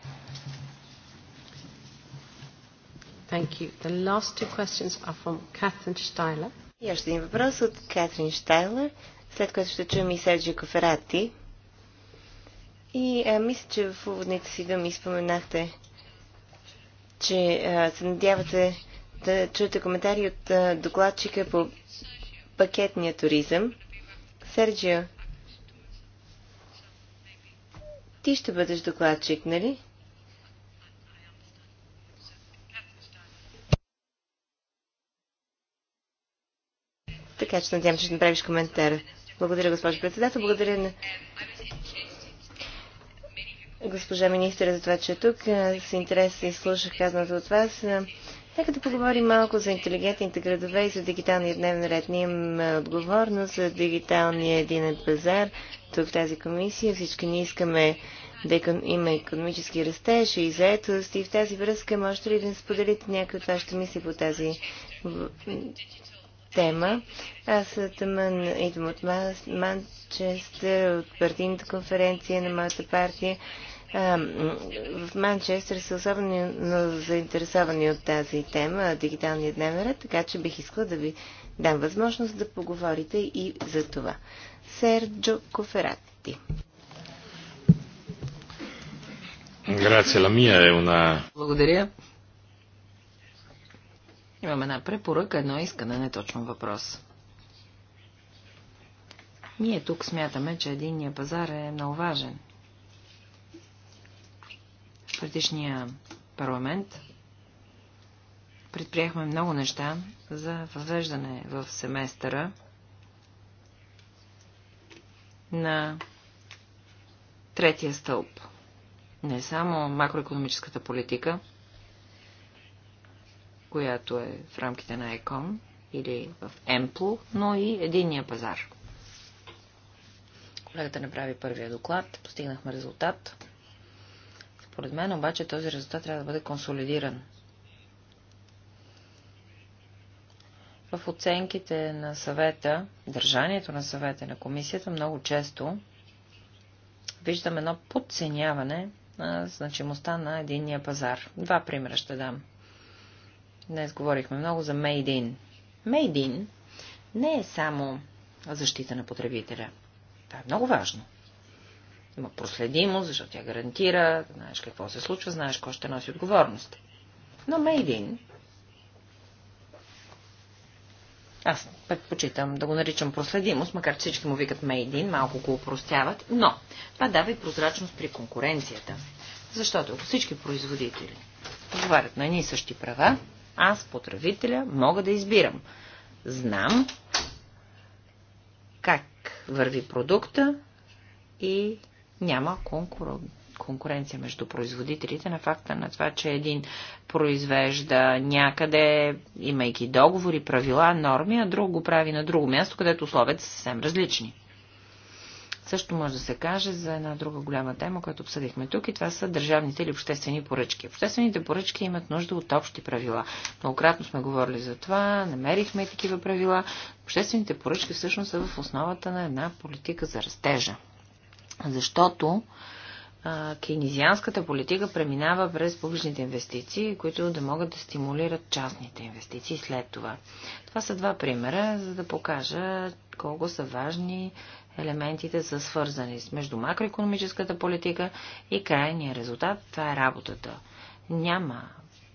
[SPEAKER 1] Thank you. The last two questions are from Catherine Steiler.
[SPEAKER 2] И още един въпрос от Катрин Штайлер, след което ще чуем и Серджио Коферати. И а, мисля, че в уводните си думи споменахте, че а, се надявате да чуете коментари от а, докладчика по пакетния туризъм. Серджио, ти ще бъдеш докладчик, нали? Така че надявам, че ще направиш коментар. Благодаря, госпожо председател. Благодаря на госпожа министра за това, че е тук. С интерес и слушах казаното от вас. Нека да поговорим малко за интелигентните градове и за дигиталния дневен ред. Ние имаме отговорност за дигиталния един пазар. Тук в тази комисия всички ние искаме да има економически растеж и заетост. И в тази връзка можете ли да споделите някои от вашите мисли по тази тема. Аз тъмън, идвам от Манчестър, от партийната конференция на моята партия. в Манчестър са особено заинтересовани от тази тема, дигиталния дневен ред, така че бих искала да ви дам възможност да поговорите и за това. Серджо Коферати.
[SPEAKER 3] Благодаря. Имам една препоръка, едно искане, не точно въпрос. Ние тук смятаме, че единния пазар е много важен. В предишния парламент предприехме много неща за въвеждане в семестъра на третия стълб. Не само макроекономическата политика, която е в рамките на ЕКОН или в ЕМПЛ, но и единния пазар. Колегата направи първия доклад, постигнахме резултат. Според мен обаче този резултат трябва да бъде консолидиран. В оценките на съвета, държанието на съвета на комисията много често виждам едно подценяване на значимостта на единния пазар. Два примера ще дам. Днес говорихме много за Made in. Made in не е само защита на потребителя. Това е много важно. Има проследимост, защото тя гарантира, знаеш какво се случва, знаеш кой ще носи отговорност. Но Made in аз предпочитам да го наричам проследимост, макар че всички му викат Мейдин, малко го упростяват, но това дава и прозрачност при конкуренцията. Защото ако всички производители отговарят на едни и същи права, аз, потребителя, мога да избирам. Знам как върви продукта и няма конкурент конкуренция между производителите на факта на това, че един произвежда някъде, имайки договори, правила, норми, а друг го прави на друго място, където условията са съвсем различни. Също може да се каже за една друга голяма тема, която обсъдихме тук и това са държавните или обществени поръчки. Обществените поръчки имат нужда от общи правила. Многократно сме говорили за това, намерихме такива правила. Обществените поръчки всъщност са в основата на една политика за растежа. Защото кейнизианската политика преминава през публичните инвестиции, които да могат да стимулират частните инвестиции след това. Това са два примера, за да покажа колко са важни елементите са свързани с между макроекономическата политика и крайния резултат. Това е работата. Няма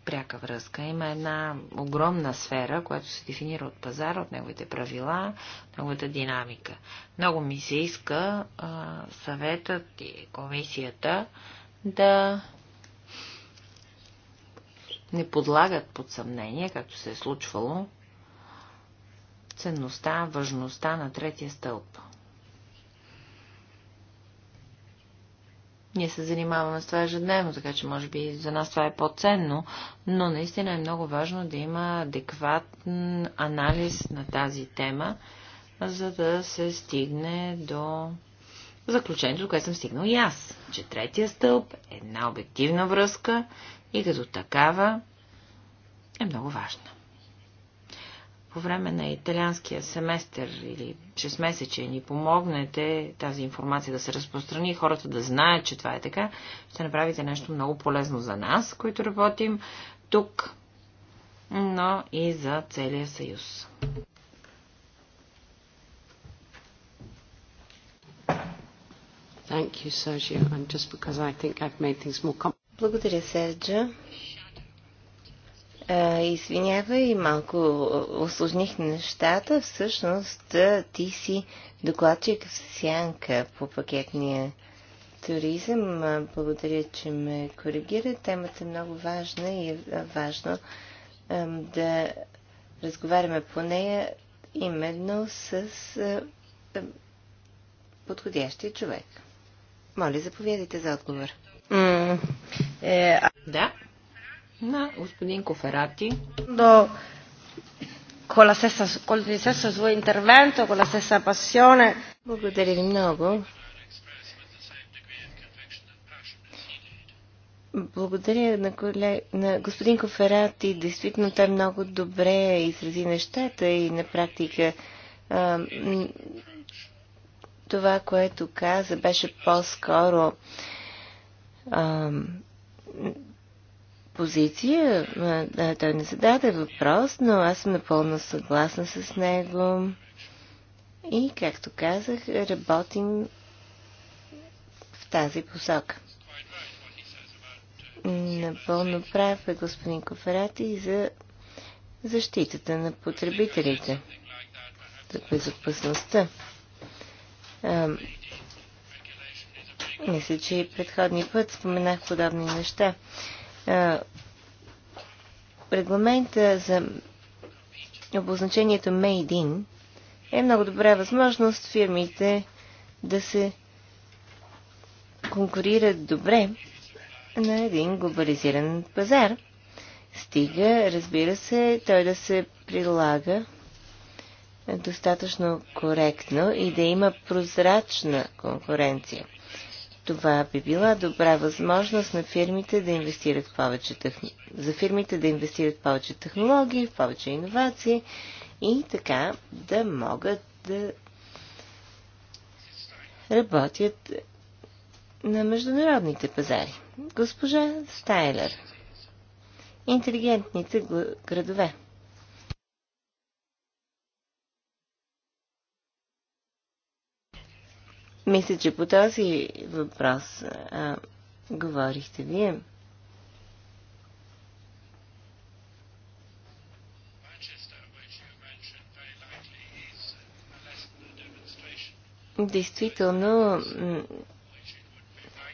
[SPEAKER 3] пряка връзка. Има една огромна сфера, която се дефинира от пазара, от неговите правила, неговата динамика. Много ми се иска а, съветът и комисията да не подлагат под съмнение, както се е случвало, ценността, важността на третия стълб. Ние се занимаваме с това ежедневно, така че може би за нас това е по-ценно, но наистина е много важно да има адекватен анализ на тази тема, за да се стигне до заключението, до което съм стигнал и аз, че третия стълб е една обективна връзка и като такава е много важна по време на италианския семестър или 6 месече ни помогнете тази информация да се разпространи и хората да знаят, че това е така, ще направите нещо много полезно за нас, които работим тук, но и за целия съюз.
[SPEAKER 2] Благодаря, Серджа. А, извинявай, малко осложних нещата. Всъщност, ти си докладчик в сянка по пакетния туризъм. Благодаря, че ме коригира. Темата е много важна и е важно да разговаряме по нея именно с подходящия човек. Моля, заповядайте за отговор.
[SPEAKER 3] Mm. Е, а... Да, на
[SPEAKER 2] господин Коферати. До con la stessa, con il stesso suo intervento, con la stessa passione. Благодаря ви много. Благодаря на, колег... на господин Коферати. Действително той много добре изрази нещата и на практика а, това, което каза, беше по-скоро позиция. Той не зададе въпрос, но аз съм напълно съгласна с него. И, както казах, работим в тази посока. Напълно прав е господин Коферати за защитата на потребителите, за безопасността. мисля, че и предходния път споменах подобни неща. Е, регламента за обозначението Made in е много добра възможност фирмите да се конкурират добре на един глобализиран пазар. Стига, разбира се, той да се прилага достатъчно коректно и да има прозрачна конкуренция. Това би била добра възможност на фирмите да инвестират повече техни... за фирмите да инвестират в повече технологии, в повече иновации и така да могат да работят на международните пазари. Госпожа Стайлер. Интелигентните градове. Мисля, че по този въпрос а, говорихте вие. Действително,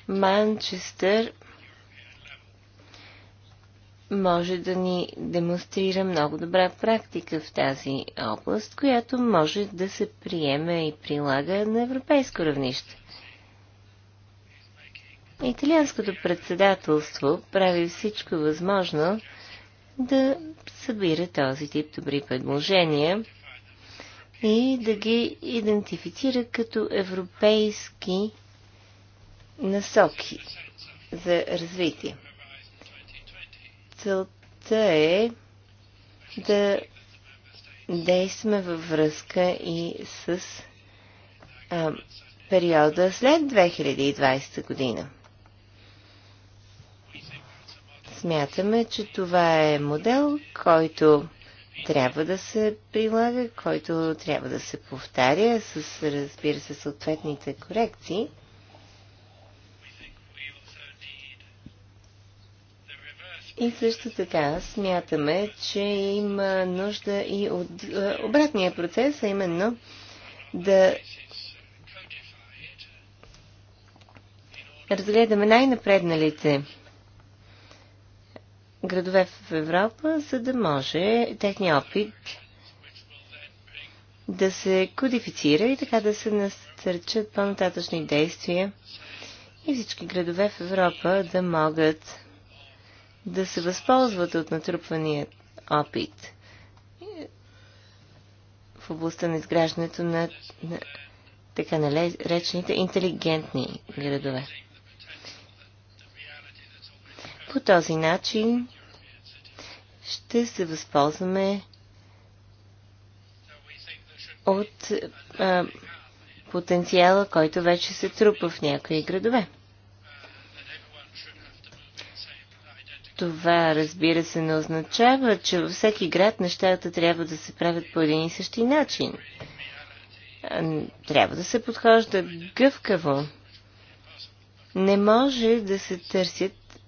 [SPEAKER 2] Манчестър може да ни демонстрира много добра практика в тази област, която може да се приеме и прилага на европейско равнище. Италианското председателство прави всичко възможно да събира този тип добри предложения и да ги идентифицира като европейски насоки за развитие целта е да действаме във връзка и с а, периода след 2020 година. Смятаме, че това е модел, който трябва да се прилага, който трябва да се повтаря с, разбира се, съответните корекции – И също така смятаме, че има нужда и от е, обратния процес, а именно да разгледаме най-напредналите градове в Европа, за да може техния опит да се кодифицира и така да се насърчат по-нататъчни действия и всички градове в Европа да могат да се възползвате от натрупвания опит в областта на изграждането на, на така наречените интелигентни градове. По този начин ще се възползваме от а, потенциала, който вече се трупа в някои градове. Това, разбира се, не означава, че във всеки град нещата трябва да се правят по един и същи начин. Трябва да се подхожда гъвкаво. Не може да се търсят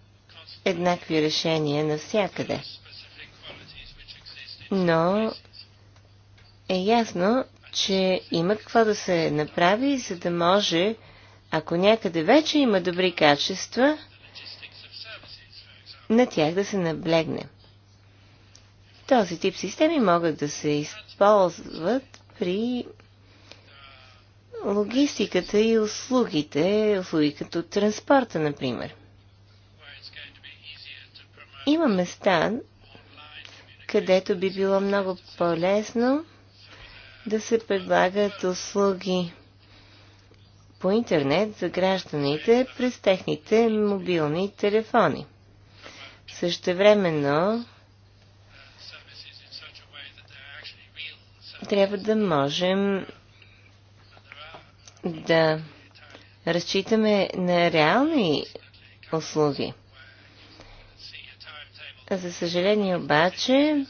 [SPEAKER 2] еднакви решения навсякъде. Но е ясно, че има какво да се направи, за да може, ако някъде вече има добри качества, на тях да се наблегне. Този тип системи могат да се използват при логистиката и услугите, услуги като транспорта, например. Има места, където би било много по-лесно да се предлагат услуги по интернет за гражданите през техните мобилни телефони. Същевременно трябва да можем да разчитаме на реални услуги. За съжаление обаче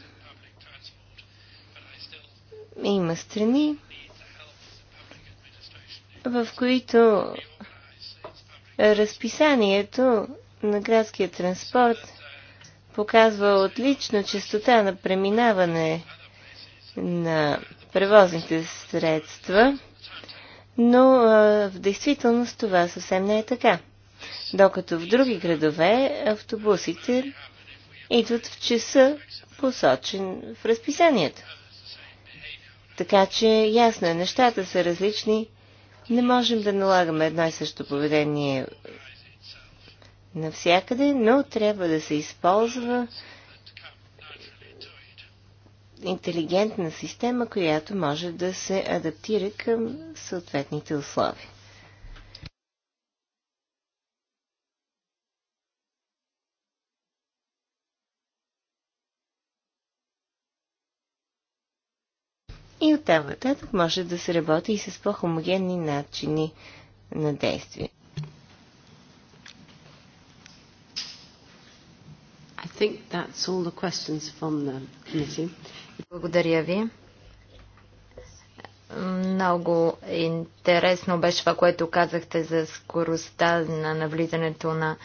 [SPEAKER 2] има страни, в които разписанието на градския транспорт показва отлична частота на преминаване на превозните средства, но в действителност това съвсем не е така. Докато в други градове автобусите идват в часа посочен в разписанието. Така че ясно е, нещата са различни. Не можем да налагаме едно и също поведение навсякъде, но трябва да се използва интелигентна система, която може да се адаптира към съответните условия. И оттам нататък може да се работи и с по-хомогенни начини на действие. think that's
[SPEAKER 4] all the questions from the committee. Благодаря ви. Много интересно беше това, което казахте за скоростта на навлизането на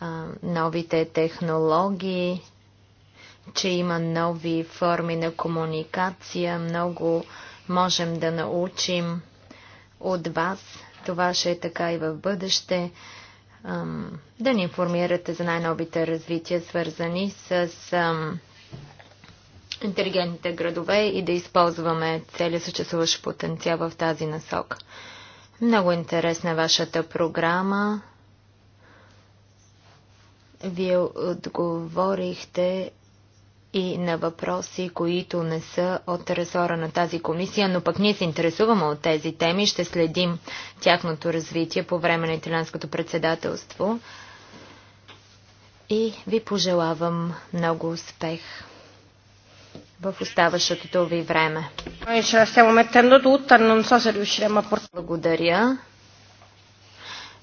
[SPEAKER 4] а, новите технологии, че има нови форми на комуникация. Много можем да научим от вас. Това ще е така и в бъдеще да ни информирате за най-новите развития, свързани с интелигентните градове и да използваме целият съществуващ потенциал в тази насока. Много интересна е вашата програма. Вие отговорихте и на въпроси, които не са от ресора на тази комисия, но пък ние се интересуваме от тези теми ще следим тяхното развитие по време на италянското председателство. И ви пожелавам много успех в оставащото ви време. Благодаря.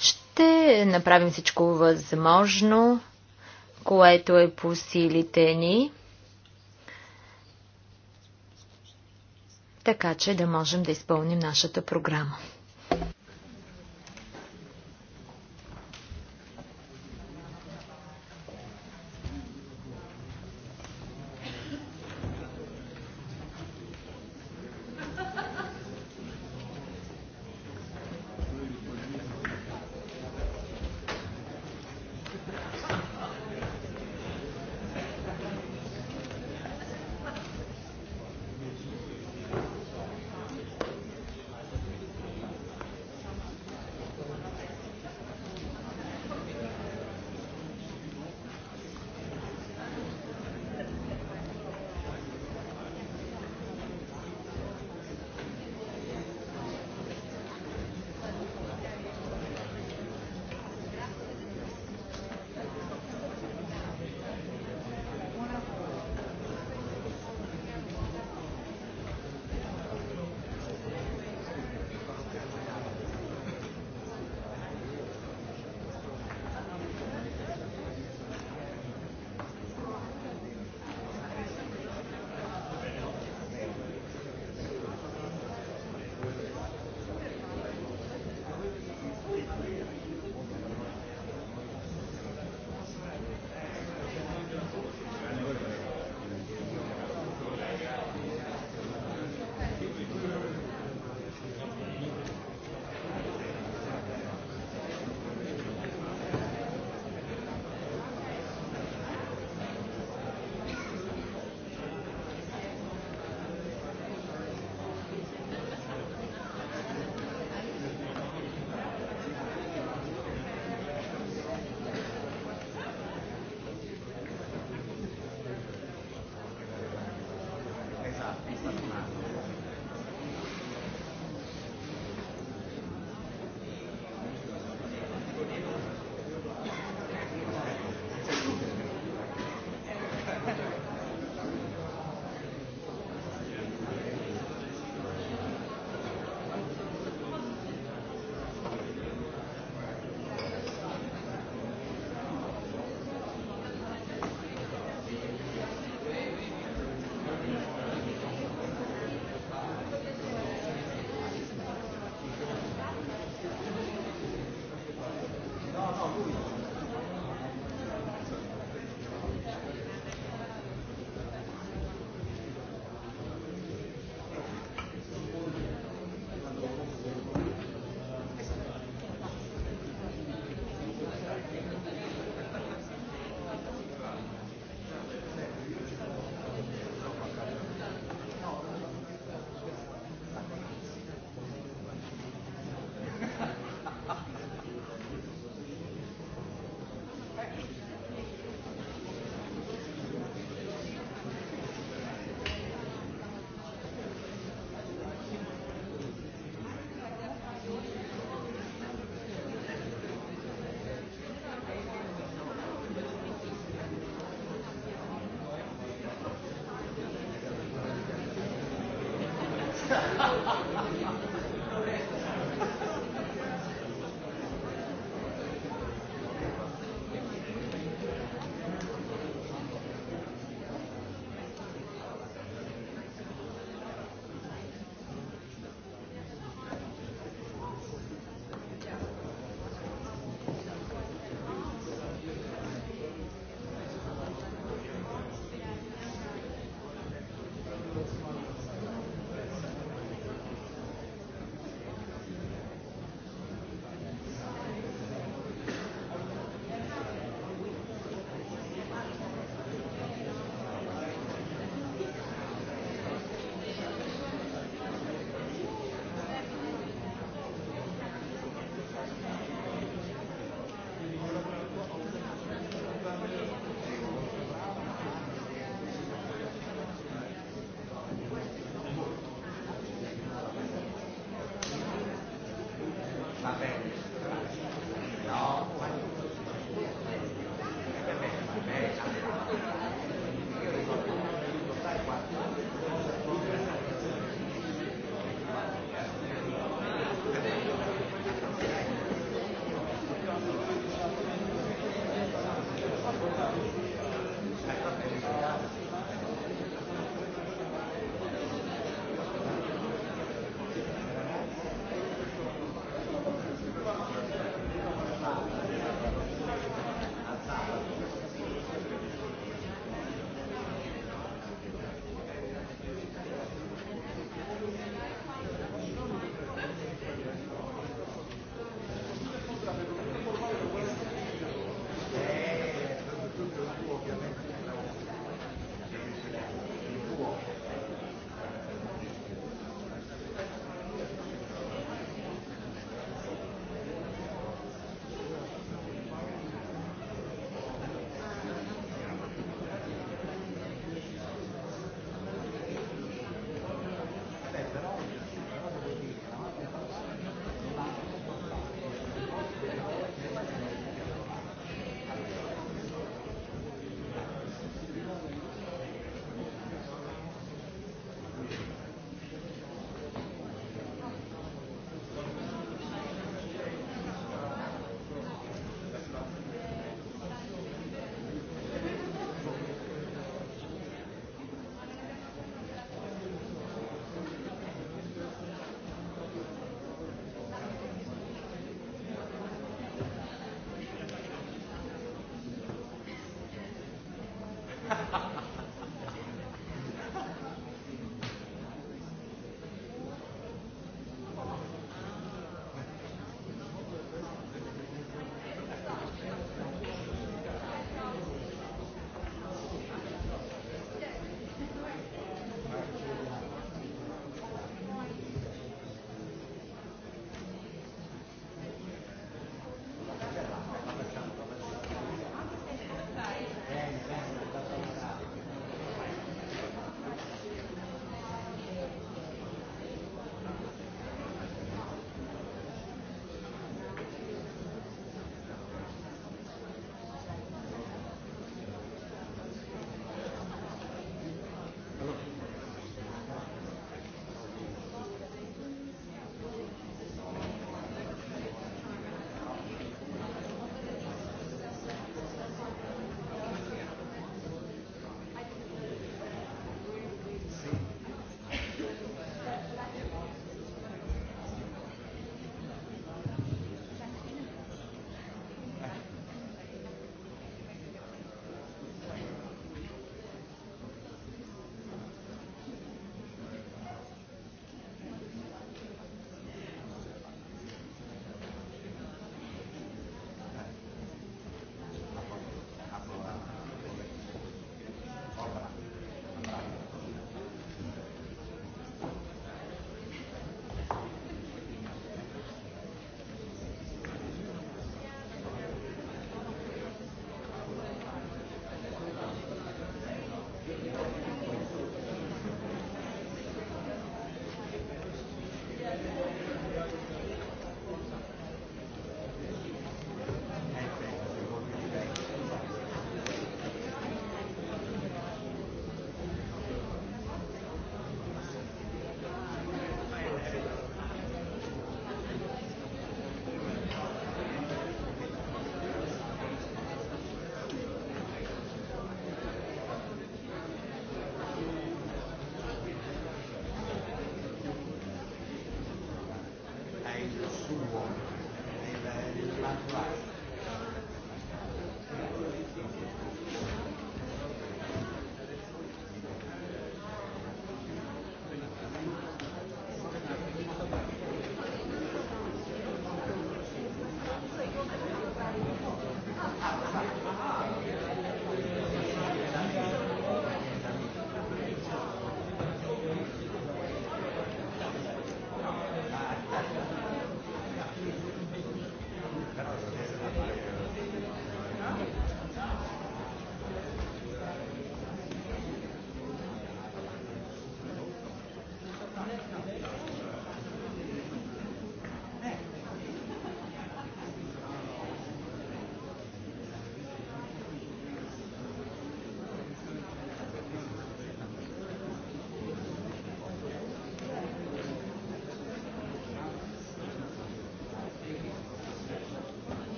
[SPEAKER 4] Ще направим всичко възможно, което е по силите ни. така че да можем да изпълним нашата програма.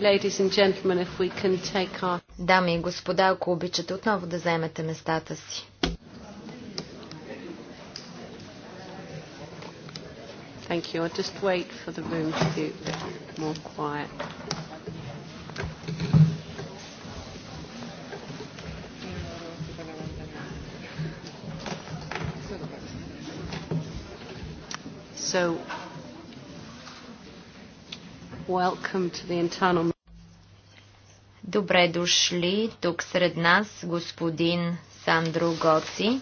[SPEAKER 4] Ladies and gentlemen, if we can take Our... Дами и господа, ако обичате отново да заемете местата си.
[SPEAKER 1] Thank you. I'll just wait for the room to be a bit more quiet.
[SPEAKER 4] So, welcome to the internal Добре дошли тук сред нас господин Сандро Гоци.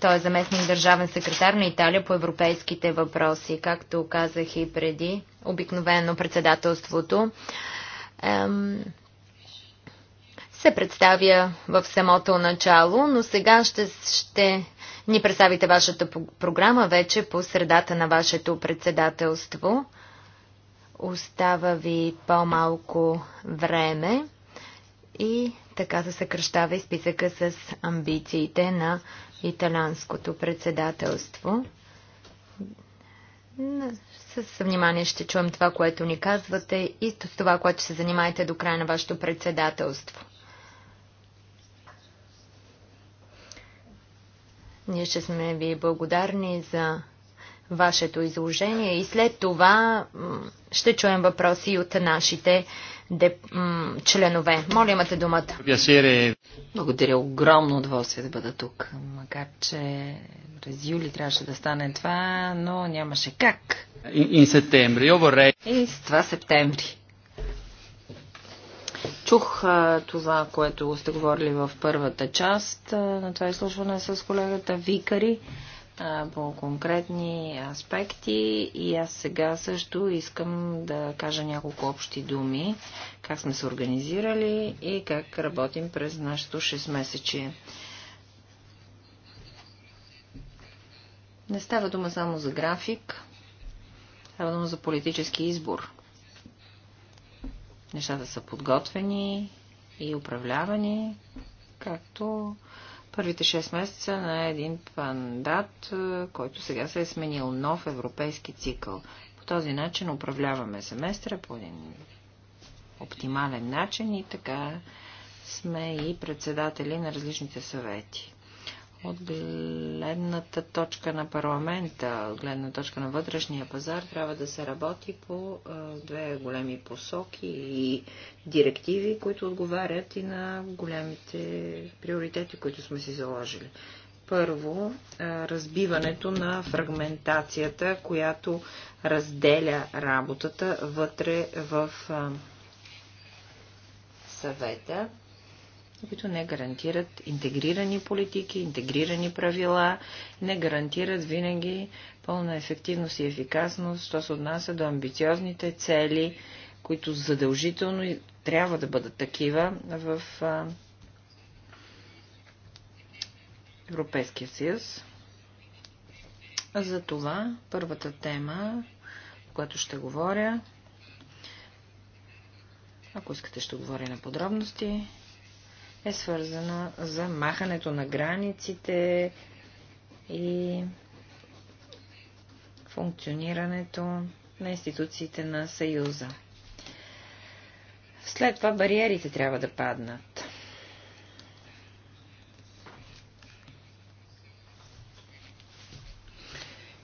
[SPEAKER 4] Той е заместник държавен секретар на Италия по европейските въпроси. Както казах и преди, обикновено председателството ем, се представя в самото начало, но сега ще, ще ни представите вашата програма вече по средата на вашето председателство. Остава ви по-малко време и така се съкръщава и списъка с амбициите на италянското председателство. С внимание ще чуем това, което ни казвате и с това, което се занимаете до края на вашето председателство. Ние ще сме ви благодарни за вашето изложение и след това ще чуем въпроси от нашите деп... членове. Моля, имате думата.
[SPEAKER 1] Благодаря.
[SPEAKER 3] Огромно удоволствие да бъда тук. Макар, че през юли трябваше да стане това, но нямаше как.
[SPEAKER 1] И септември. И с това септември.
[SPEAKER 3] Чух а, това, което сте говорили в първата част а, на това изслушване с колегата Викари по конкретни аспекти и аз сега също искам да кажа няколко общи думи, как сме се организирали и как работим през нашето 6 месече. Не става дума само за график, става дума за политически избор. Нещата са подготвени и управлявани, както първите 6 месеца на един пандат, който сега се е сменил нов европейски цикъл. По този начин управляваме семестра по един оптимален начин и така сме и председатели на различните съвети. От гледната точка на парламента, от гледна точка на вътрешния пазар, трябва да се работи по две големи посоки и директиви, които отговарят и на големите приоритети, които сме си заложили. Първо, разбиването на фрагментацията, която разделя работата вътре в съвета които не гарантират интегрирани политики, интегрирани правила, не гарантират винаги пълна ефективност и ефикасност, що се отнася до амбициозните цели, които задължително трябва да бъдат такива в Европейския съюз. За това първата тема, която ще говоря, ако искате ще говоря на подробности, е свързана за махането на границите и функционирането на институциите на Съюза. След това бариерите трябва да паднат.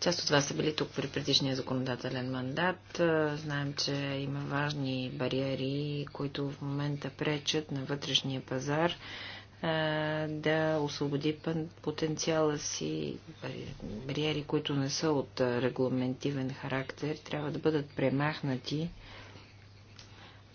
[SPEAKER 3] Част от вас са били тук при предишния законодателен мандат. Е, знаем, че има важни бариери, които в момента пречат на вътрешния пазар е, да освободи потенциала си. Бариери, които не са от е, регламентивен характер, трябва да бъдат премахнати,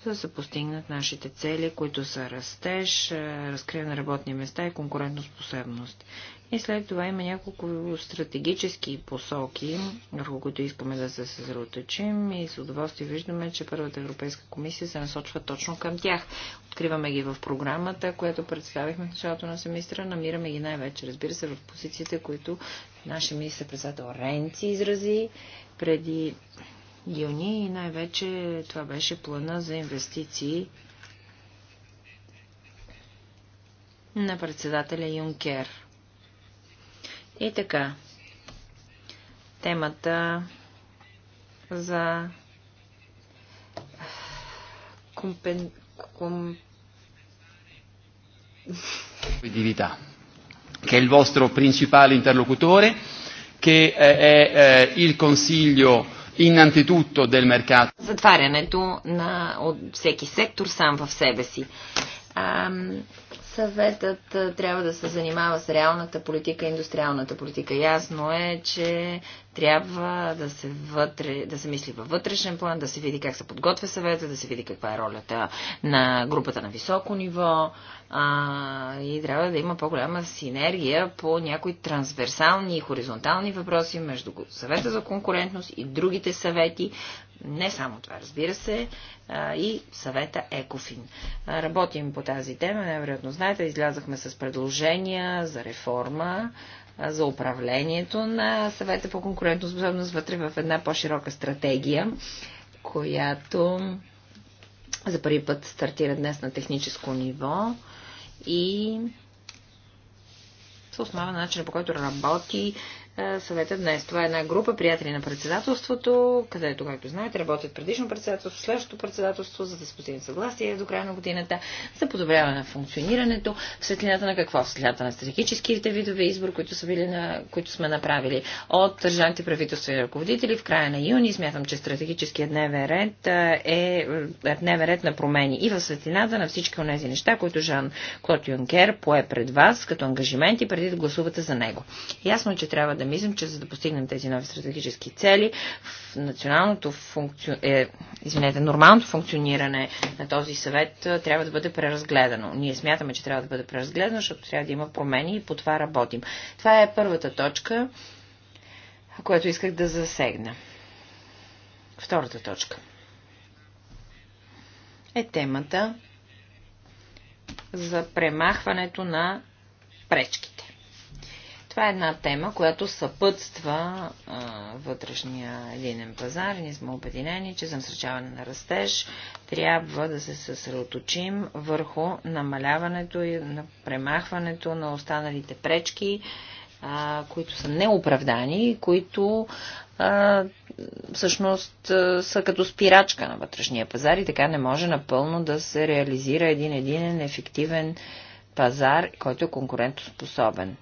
[SPEAKER 3] за да се постигнат нашите цели, които са растеж, разкриване на работни места и конкурентоспособност. И след това има няколко стратегически посоки, върху които искаме да се съсредоточим и с удоволствие виждаме, че първата Европейска комисия се насочва точно към тях. Откриваме ги в програмата, която представихме в началото на семестра, намираме ги най-вече, разбира се, в позициите, които нашия министър-председател Ренци изрази преди юни и най-вече това беше плана за инвестиции на председателя Юнкер – и така, темата за компен... ком...
[SPEAKER 1] Competitività, che è il vostro principale interlocutore, che è il Consiglio innanzitutto del mercato.
[SPEAKER 3] Затварянето на от всеки сектор сам в себе си. А, Съветът трябва да се занимава с реалната политика и индустриалната политика. Ясно е, че трябва да се, вътре, да се мисли във вътрешен план, да се види как се подготвя съвета, да се види каква е ролята на групата на високо ниво а, и трябва да има по-голяма синергия по някои трансверсални и хоризонтални въпроси между съвета за конкурентност и другите съвети, не само това, разбира се, и съвета Екофин. Работим по тази тема, невероятно знаете, излязахме с предложения за реформа, за управлението на съвета по конкурентоспособност вътре в една по-широка стратегия, която за първи път стартира днес на техническо ниво и се основа на начина по който работи съвета днес. Това е една група приятели на председателството, където, както знаете, работят предишно председателство, следващото председателство, за да се постигне съгласие до края на годината, за подобряване на функционирането, в светлината на какво? В светлината на стратегическите видове избор, които, са били на, които сме направили от държавните правителства и ръководители в края на юни. Смятам, че стратегическият дневен ред е, е дневен ред на промени и в светлината на всички от тези неща, които Жан Клод Юнкер пое пред вас като ангажименти преди да гласувате за него. Ясно, е, че трябва да да мислим, че за да постигнем тези нови стратегически цели, в националното функцио... е, извинете, нормалното функциониране на този съвет трябва да бъде преразгледано. Ние смятаме, че трябва да бъде преразгледано, защото трябва да има промени и по това работим. Това е първата точка, която исках да засегна. Втората точка е темата за премахването на пречки. Това е една тема, която съпътства а, вътрешния единен пазар. Ние сме обединени, че за насърчаване на растеж трябва да се съсредоточим върху намаляването и на премахването на останалите пречки, а, които са неоправдани и които а, всъщност а, са като спирачка на вътрешния пазар и така не може напълно да се реализира един единен ефективен пазар, който е конкурентоспособен.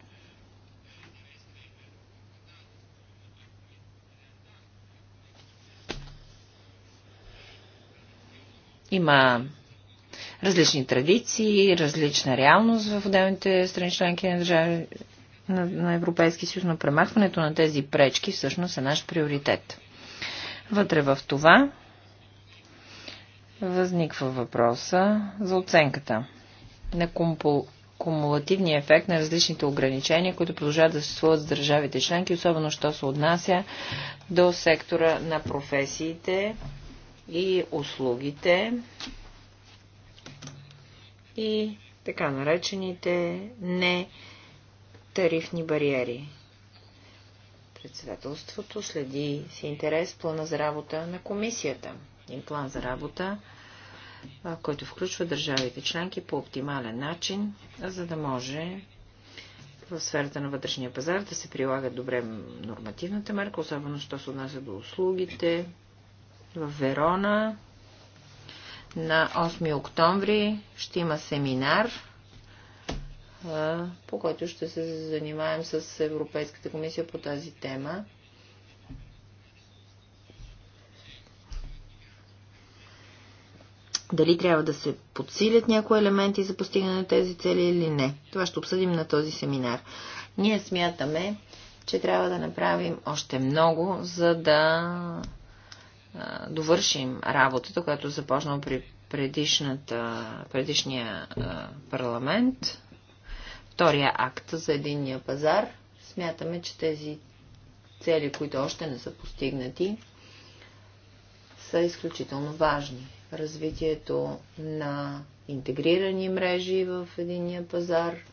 [SPEAKER 3] Има различни традиции, различна реалност в отделните страни членки на държави на, на Европейски съюз, но премахването на тези пречки всъщност е наш приоритет. Вътре в това възниква въпроса за оценката на компо кумулативния ефект на различните ограничения, които продължават да съществуват с държавите членки, особено що се отнася до сектора на професиите и услугите и така наречените не тарифни бариери. Председателството следи с интерес плана за работа на комисията. и план за работа, който включва държавите членки по оптимален начин, за да може в сферата на вътрешния пазар да се прилага добре нормативната мерка, особено що се отнася до услугите, в Верона. На 8 октомври ще има семинар, по който ще се занимаем с Европейската комисия по тази тема. Дали трябва да се подсилят някои елементи за постигане на тези цели или не. Това ще обсъдим на този семинар. Ние смятаме, че трябва да направим още много, за да довършим работата, която започна при предишния парламент, втория акт за единния пазар. Смятаме, че тези цели, които още не са постигнати, са изключително важни. Развитието на интегрирани мрежи в единния пазар –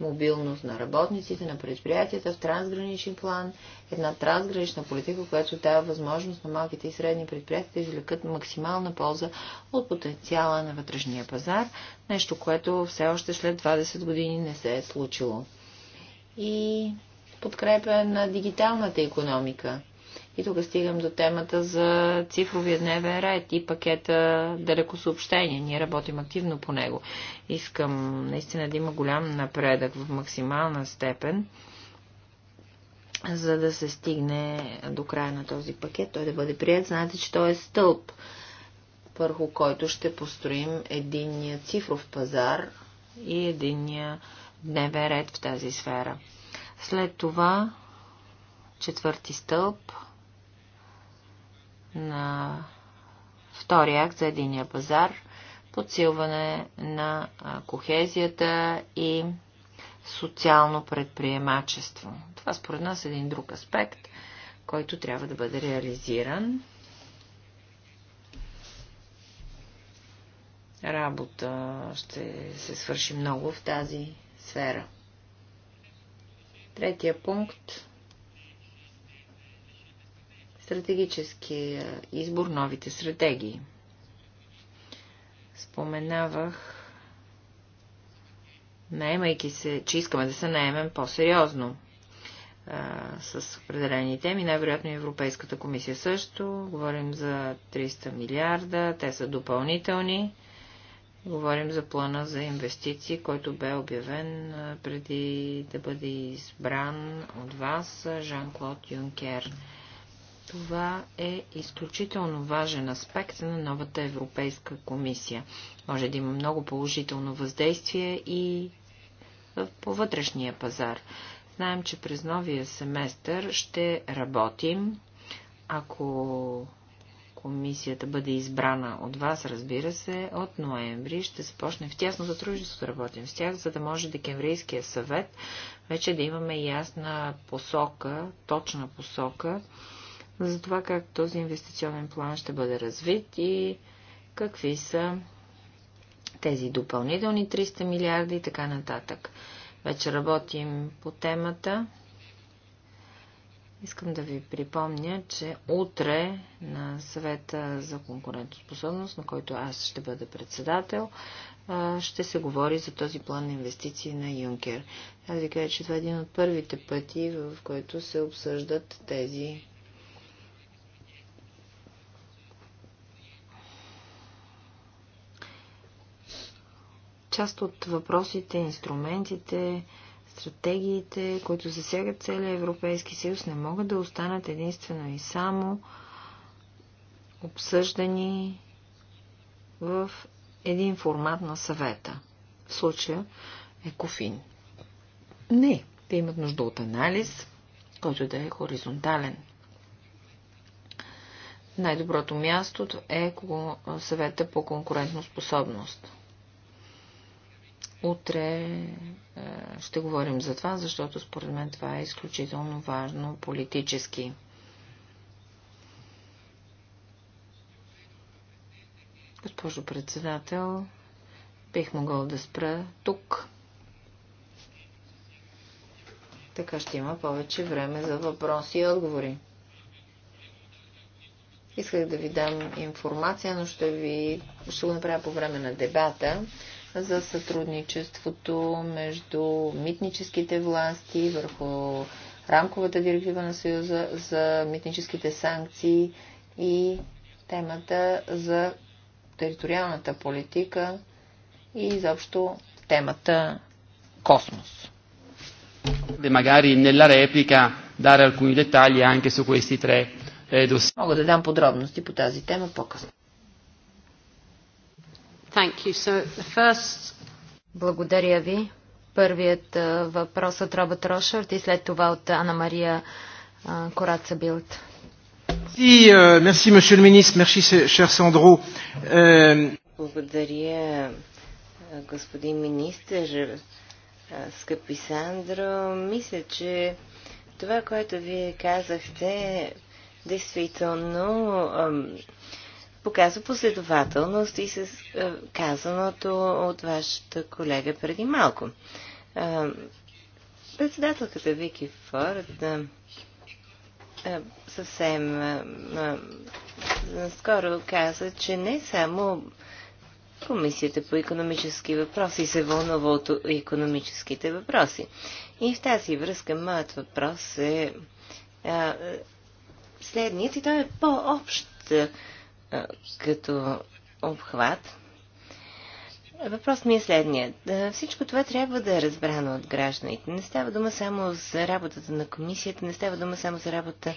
[SPEAKER 3] мобилност на работниците, на предприятията в трансграничен план, една трансгранична политика, която дава възможност на малките и средни предприятия да извлекат максимална полза от потенциала на вътрешния пазар, нещо, което все още след 20 години не се е случило. И подкрепа на дигиталната економика. И тук стигам до темата за цифровия дневен ред и пакета далекосъобщения. Ние работим активно по него. Искам наистина да има голям напредък в максимална степен, за да се стигне до края на този пакет. Той да бъде прият. Знаете, че той е стълб, върху който ще построим единния цифров пазар и единния дневен ред в тази сфера. След това четвърти стълб – на втори акт за единия пазар, подсилване на кохезията и социално предприемачество. Това според нас е един друг аспект, който трябва да бъде реализиран. Работа ще се свърши много в тази сфера. Третия пункт стратегически е, избор, новите стратегии. Споменавах, наемайки се, че искаме да се наемем по-сериозно е, с определени теми, най-вероятно Европейската комисия също. Говорим за 300 милиарда, те са допълнителни. Говорим за плана за инвестиции, който бе обявен е, преди да бъде избран от вас Жан-Клод Юнкер. Това е изключително важен аспект на новата Европейска комисия. Може да има много положително въздействие и по вътрешния пазар. Знаем, че през новия семестър ще работим, ако комисията бъде избрана от вас, разбира се, от ноември ще започне в тясно сътрудничество да работим с тях, за да може декемврийския съвет вече да имаме ясна посока, точна посока за това как този инвестиционен план ще бъде развит и какви са тези допълнителни 300 милиарда и така нататък. Вече работим по темата. Искам да ви припомня, че утре на съвета за конкурентоспособност, на който аз ще бъда председател, ще се говори за този план на инвестиции на Юнкер. Аз ви кажа, че това е един от първите пъти, в който се обсъждат тези част от въпросите, инструментите, стратегиите, които засягат целия Европейски съюз, не могат да останат единствено и само обсъждани в един формат на съвета. В случая Екофин. Не, те имат нужда от анализ, който да е хоризонтален. Най-доброто място е съвета по конкурентно способност. Утре е, ще говорим за това, защото според мен това е изключително важно политически. Госпожо председател, бих могъл да спра тук. Така ще има повече време за въпроси и отговори. Исках да ви дам информация, но ще ви ще го направя по време на дебата за сътрудничеството между митническите власти върху рамковата директива на Съюза за митническите санкции и темата за териториалната политика и изобщо темата
[SPEAKER 1] космос. Magari nella replica dare alcuni dettagli anche su questi tre eh,
[SPEAKER 4] Мога да дам
[SPEAKER 3] подробности по тази тема по-късно.
[SPEAKER 4] Thank you. So the first... Благодаря ви. Първият въпрос от Робът Рошард и след това от Анна Мария Кораца Билт. Euh, merci, Monsieur le Ministre, merci, cher Sandro.
[SPEAKER 2] Euh, Благодаря, господин министр, скъпи Сандро. Мисля, че това, което вие казахте, действително показва последователност и с е, казаното от вашата колега преди малко. Е, председателката Вики Форд е, съвсем скоро каза, че не само Комисията по економически въпроси се вълнува от економическите въпроси. И в тази връзка моят въпрос е е следният и той е по-общ като обхват. Въпрос ми е следният. Е, всичко това трябва да е разбрано от гражданите. Не става дума само за работата на комисията, не става дума само за работа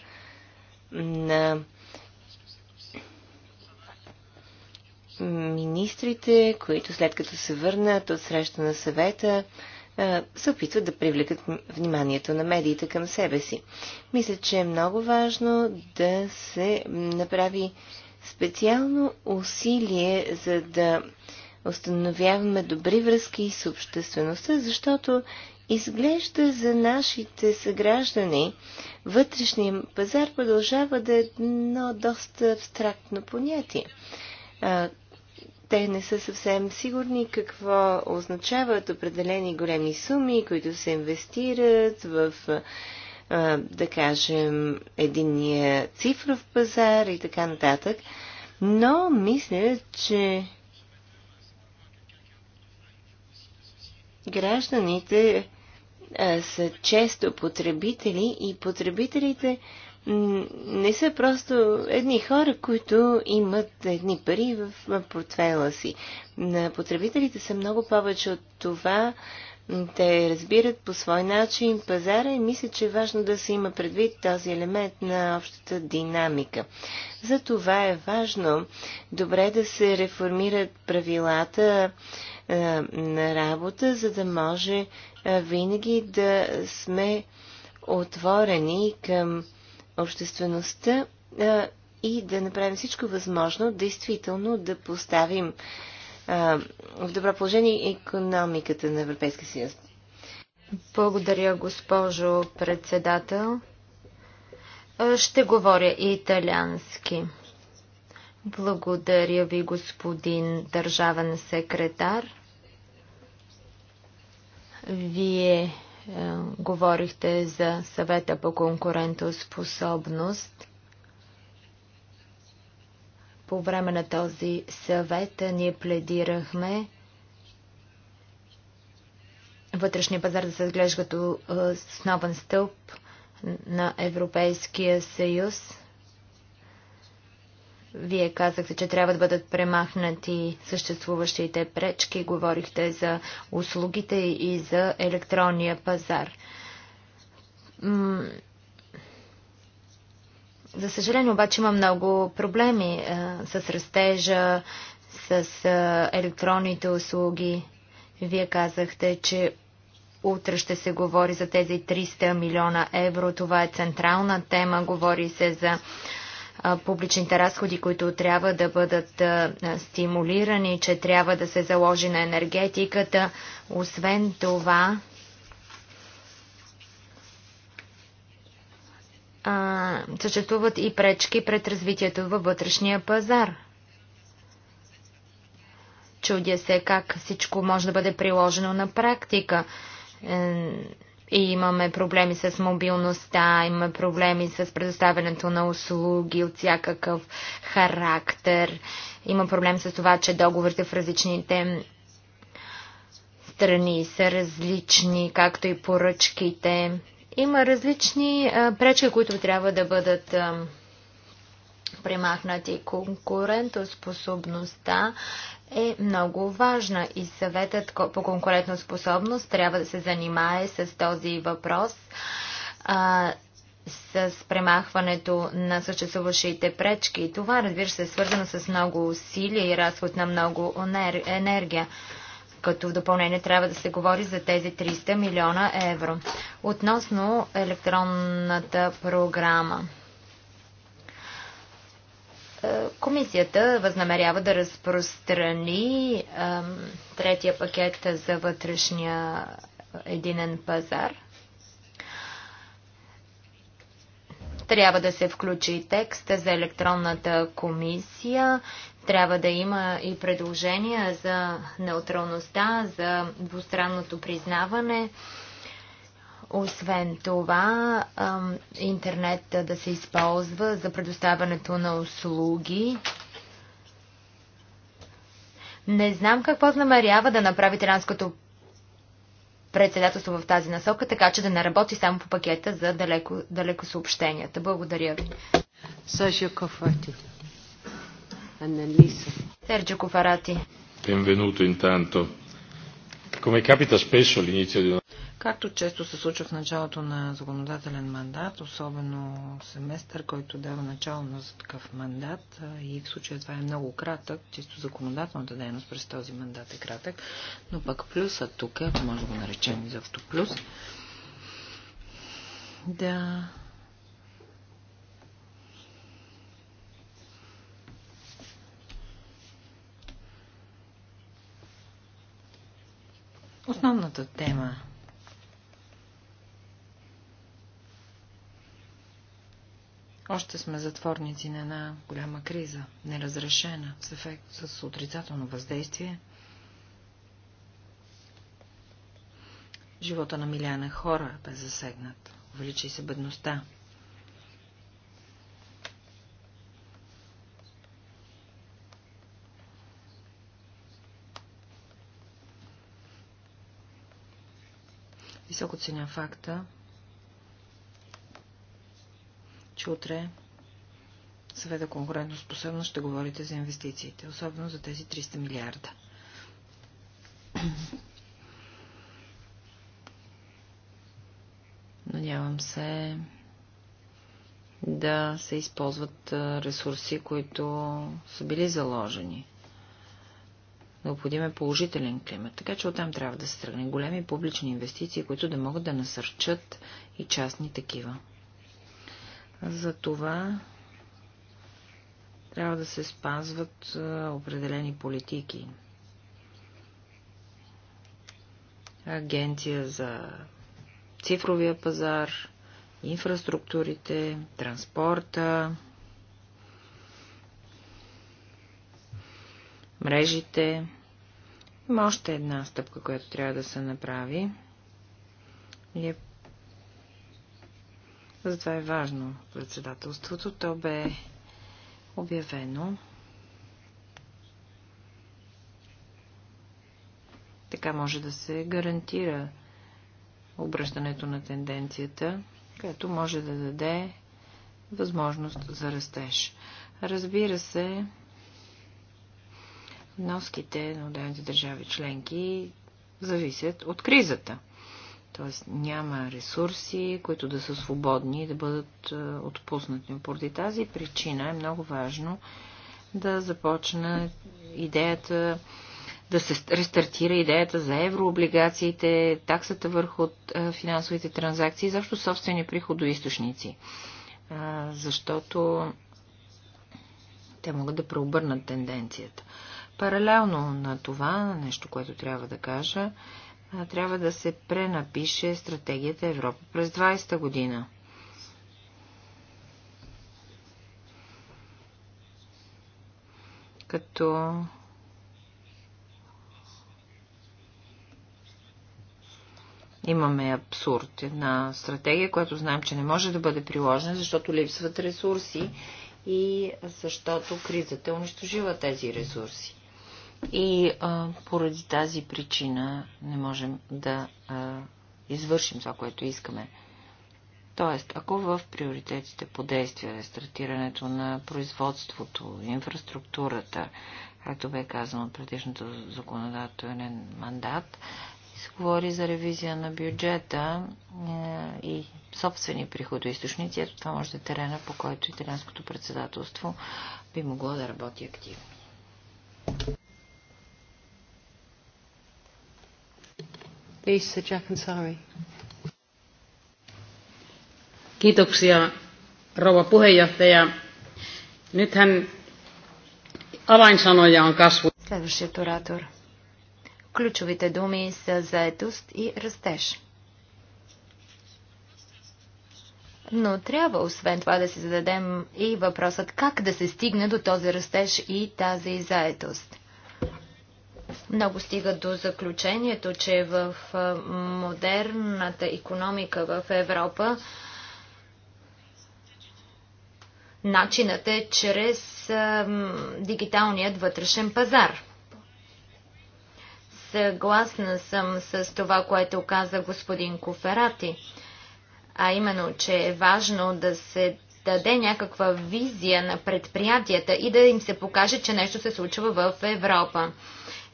[SPEAKER 2] на министрите, които след като се върнат от среща на съвета, е, се опитват да привлекат вниманието на медиите към себе си. Мисля, че е много важно да се направи специално усилие, за да установяваме добри връзки с обществеността, защото изглежда за нашите съграждани вътрешния пазар продължава да е едно доста абстрактно понятие. те не са съвсем сигурни какво означават определени големи суми, които се инвестират в да кажем, единния цифров пазар и така нататък. Но мисля, че гражданите са често потребители и потребителите не са просто едни хора, които имат едни пари в портфела си. Потребителите са много повече от това, те разбират по свой начин пазара и мисля, че е важно да се има предвид този елемент на общата динамика. За това е важно добре да се реформират правилата е, на работа, за да може е, винаги да сме отворени към обществеността е, и да направим всичко възможно действително да поставим в добро положение економиката на Европейския съюз.
[SPEAKER 4] Благодаря, госпожо председател. Ще говоря и италиански. Благодаря ви, господин държавен секретар. Вие говорихте за съвета по конкурентоспособност. По време на този съвет ние пледирахме вътрешния пазар да се изглежда като основен стълб на Европейския съюз. Вие казахте, че трябва да бъдат премахнати съществуващите пречки. Говорихте за услугите и за електронния пазар за съжаление обаче има много проблеми а, е, с растежа, с а, е, електронните услуги. Вие казахте, че утре ще се говори за тези 300 милиона евро. Това е централна тема. Говори се за а, е, публичните разходи, които трябва да бъдат а, стимулирани, че трябва да се заложи на енергетиката. Освен това, а, съществуват и пречки пред развитието във вътрешния пазар. Чудя се как всичко може да бъде приложено на практика. Е, и имаме проблеми с мобилността, имаме проблеми с предоставянето на услуги от всякакъв характер. Има проблем с това, че договорите в различните страни са различни, както и поръчките. Има различни пречки, които трябва да бъдат премахнати. Конкурентоспособността е много важна и съветът по конкурентоспособност трябва да се занимае с този въпрос с премахването на съществуващите пречки. Това, разбира се, е свързано с много усилия и разход на много енергия като в допълнение трябва да се говори за тези 300 милиона евро. Относно електронната програма. Е, комисията възнамерява да разпространи третия пакет за вътрешния единен пазар. Трябва да се включи текста за електронната комисия трябва да има и предложения за неутралността, за двустранното признаване. Освен това, интернет да се използва за предоставянето на услуги. Не знам какво намерява да направи транското председателство в тази насока, така че да не работи само по пакета за далеко, далеко съобщенията. Благодаря ви. Сашио Кофати. Annalisa. Sergio
[SPEAKER 1] Benvenuto intanto. Come capita spesso all'inizio di una...
[SPEAKER 3] Както често се случва в началото на законодателен мандат, особено семестър, който дава начало на такъв мандат, и в случая това е много кратък, чисто законодателната дейност през този мандат е кратък, но пък плюсът тук, ако може да го наречем изобщо плюс, да основната тема. Още сме затворници на една голяма криза, неразрешена, с ефект с отрицателно въздействие. Живота на милиана хора е бе засегнат. Увеличи се бедността. Високо ценя факта, че утре съвета способност ще говорите за инвестициите, особено за тези 300 милиарда. Надявам се да се използват ресурси, които са били заложени. Необходим е положителен климат, така че оттам трябва да се тръгне големи публични инвестиции, които да могат да насърчат и частни такива. За това трябва да се спазват определени политики. Агенция за цифровия пазар, инфраструктурите, транспорта, мрежите. Има още една стъпка, която трябва да се направи. И е... Затова е важно председателството. То бе обявено. Така може да се гарантира обръщането на тенденцията, което може да даде възможност за растеж. Разбира се, Носките на отделните държави членки зависят от кризата. Тоест няма ресурси, които да са свободни и да бъдат е, отпуснати. Поради тази причина е много важно да започна идеята, да се рестартира идеята за еврооблигациите, таксата върху е, финансовите транзакции, защото собствени приходоисточници. Е, защото те могат да преобърнат тенденцията. Паралелно на това, на нещо, което трябва да кажа, трябва да се пренапише стратегията Европа през 20-та година. Като имаме абсурд. Една стратегия, която знаем, че не може да бъде приложена, защото липсват ресурси и защото кризата унищожила тези ресурси. И а, поради тази причина не можем да а, извършим това, което искаме. Тоест, ако в приоритетите по действие, е стартирането на производството, инфраструктурата, както бе казано от предишното законодателен мандат, се говори за ревизия на бюджета е, и собствени приходоисточници, ето това може да е терена, по който италианското председателство би могло да работи активно.
[SPEAKER 1] Lisa Jakansari. Kiitoksia rouva
[SPEAKER 3] puheenjohtaja.
[SPEAKER 4] Nythän avainsanoja on kasvu. Следващият оратор. Ключовите думи са заетост и растеж. Но трябва освен това да си зададем и въпросът как да се стигне до този растеж и тази заетост. Много стига до заключението, че в модерната економика в Европа начинът е чрез дигиталният вътрешен пазар. Съгласна съм с това, което каза господин Коферати, а именно, че е важно да се даде някаква визия на предприятията и да им се покаже, че нещо се случва в Европа.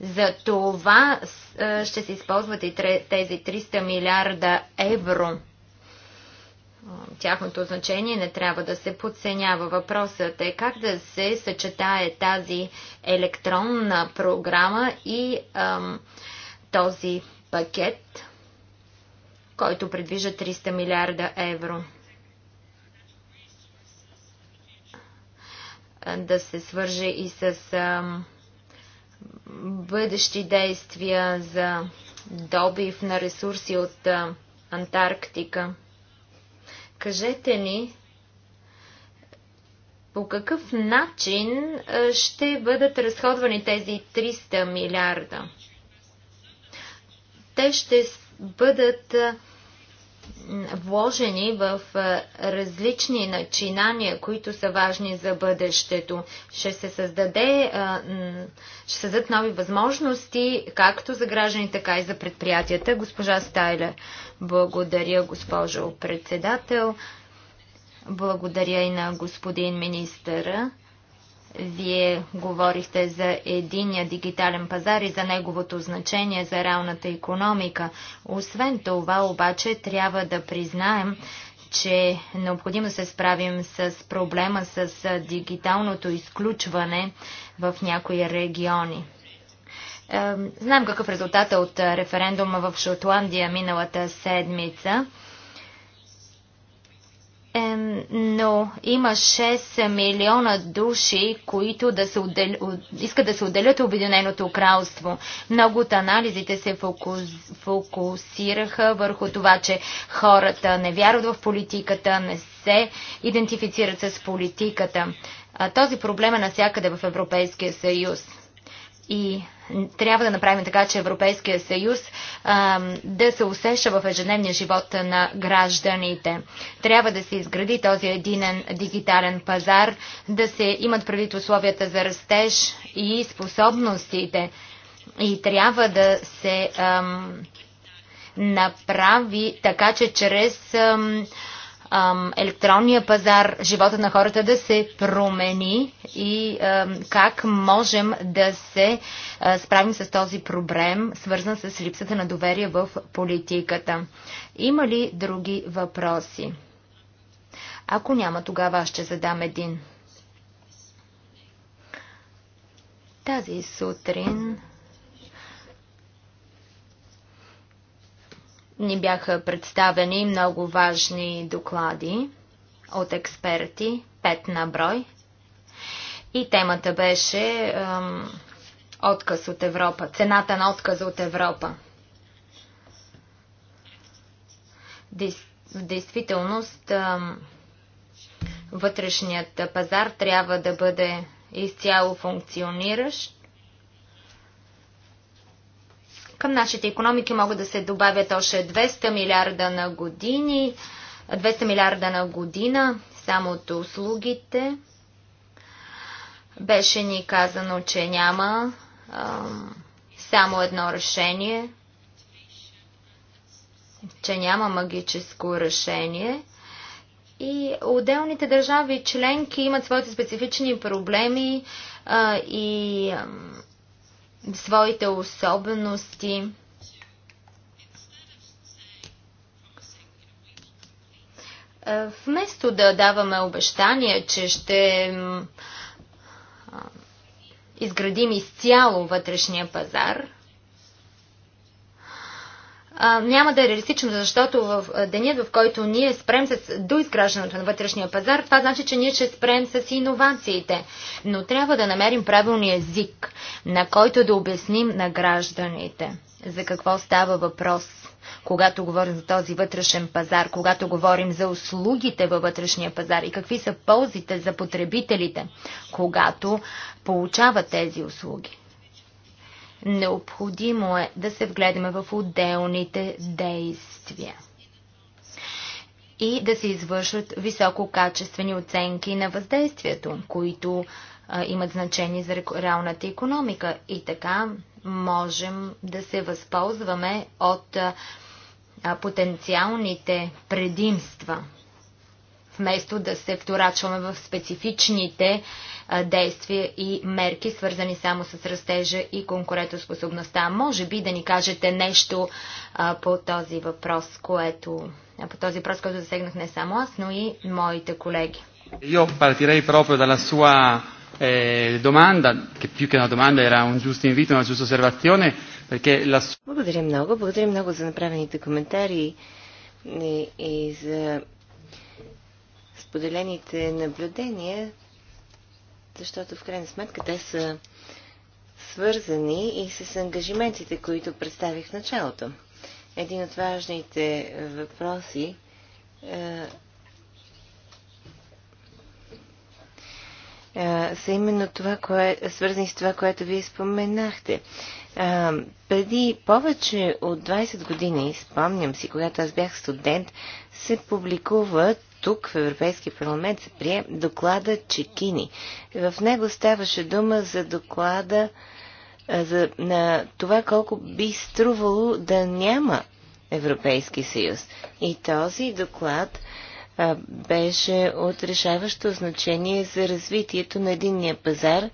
[SPEAKER 4] За това е, ще се използват и тези 300 милиарда евро. Тяхното значение не трябва да се подценява. Въпросът е как да се съчетае тази електронна програма и ам, този пакет, който предвижда 300 милиарда евро. да се свърже и с бъдещи действия за добив на ресурси от Антарктика. Кажете ни по какъв начин ще бъдат разходвани тези 300 милиарда. Те ще бъдат вложени в различни начинания, които са важни за бъдещето. Ще се създаде, ще създадат нови възможности, както за граждани, така и за предприятията. Госпожа Стайлер, благодаря, госпожо председател. Благодаря и на господин министъра. Вие говорихте за единия дигитален пазар и за неговото значение за реалната економика. Освен това, обаче, трябва да признаем, че е необходимо да се справим с проблема с дигиталното изключване в някои региони. Знам какъв резултат е от референдума в Шотландия миналата седмица но има 6 милиона души, които да се отдел... искат да се отделят от Обединеното кралство. Много от анализите се фокусираха върху това, че хората не вярват в политиката, не се идентифицират с политиката. Този проблем е навсякъде в Европейския съюз. И трябва да направим така, че Европейския съюз а, да се усеща в ежедневния живот на гражданите. Трябва да се изгради този единен дигитален пазар, да се имат предвид условията за растеж и способностите. И трябва да се а, направи така, че чрез А, електронния пазар, живота на хората да се промени и как можем да се справим с този проблем, свързан с липсата на доверие в политиката. Има ли други въпроси? Ако няма, тогава аз ще задам един. Тази сутрин ни бяха представени много важни доклади от експерти, пет на брой. И темата беше ем, отказ от Европа, цената на отказа от Европа. Дис, в действителност ем, вътрешният пазар трябва да бъде изцяло функциониращ към нашите економики могат да се добавят още 200 милиарда на години, 200 милиарда на година само от услугите. Беше ни казано, че няма а, само едно решение, че няма магическо решение. И отделните държави членки имат своите специфични проблеми а, и а, своите особености. Е, вместо да даваме обещания, че ще изградим изцяло вътрешния пазар, няма да е реалистично, защото в денят, в който ние спрем с доизграждането на вътрешния пазар, това значи, че ние ще спрем с иновациите. Но трябва да намерим правилния език, на който да обясним на гражданите за какво става въпрос. Когато говорим за този вътрешен пазар, когато говорим за услугите във вътрешния пазар и какви са ползите за потребителите, когато получават тези услуги. Необходимо е да се вгледаме в отделните действия и да се извършват висококачествени оценки на въздействието, които имат значение за реалната економика. И така можем да се възползваме от потенциалните предимства, вместо да се вторачваме в специфичните действия и мерки, свързани само с растежа и конкурентоспособността. Може би да ни кажете нещо по този въпрос, което, по този въпрос, който засегнах не само аз, но и моите колеги.
[SPEAKER 1] Io partirei proprio dalla sua eh, domanda, che più che una domanda era un giusto invito, una giusta osservazione, perché la sua...
[SPEAKER 2] Благодаря много, благодаря много за направените коментари и, и за споделените наблюдения защото в крайна сметка те са свързани и с ангажиментите, които представих в началото. Един от важните въпроси е, е, са именно това, кое, свързани с това, което вие споменахте. Е, преди повече от 20 години, спомням си, когато аз бях студент, се публикуват тук в Европейския парламент се прие доклада Чекини. В него ставаше дума за доклада за, на това колко би струвало да няма Европейски съюз. И този доклад а, беше от решаващо значение за развитието на единния пазар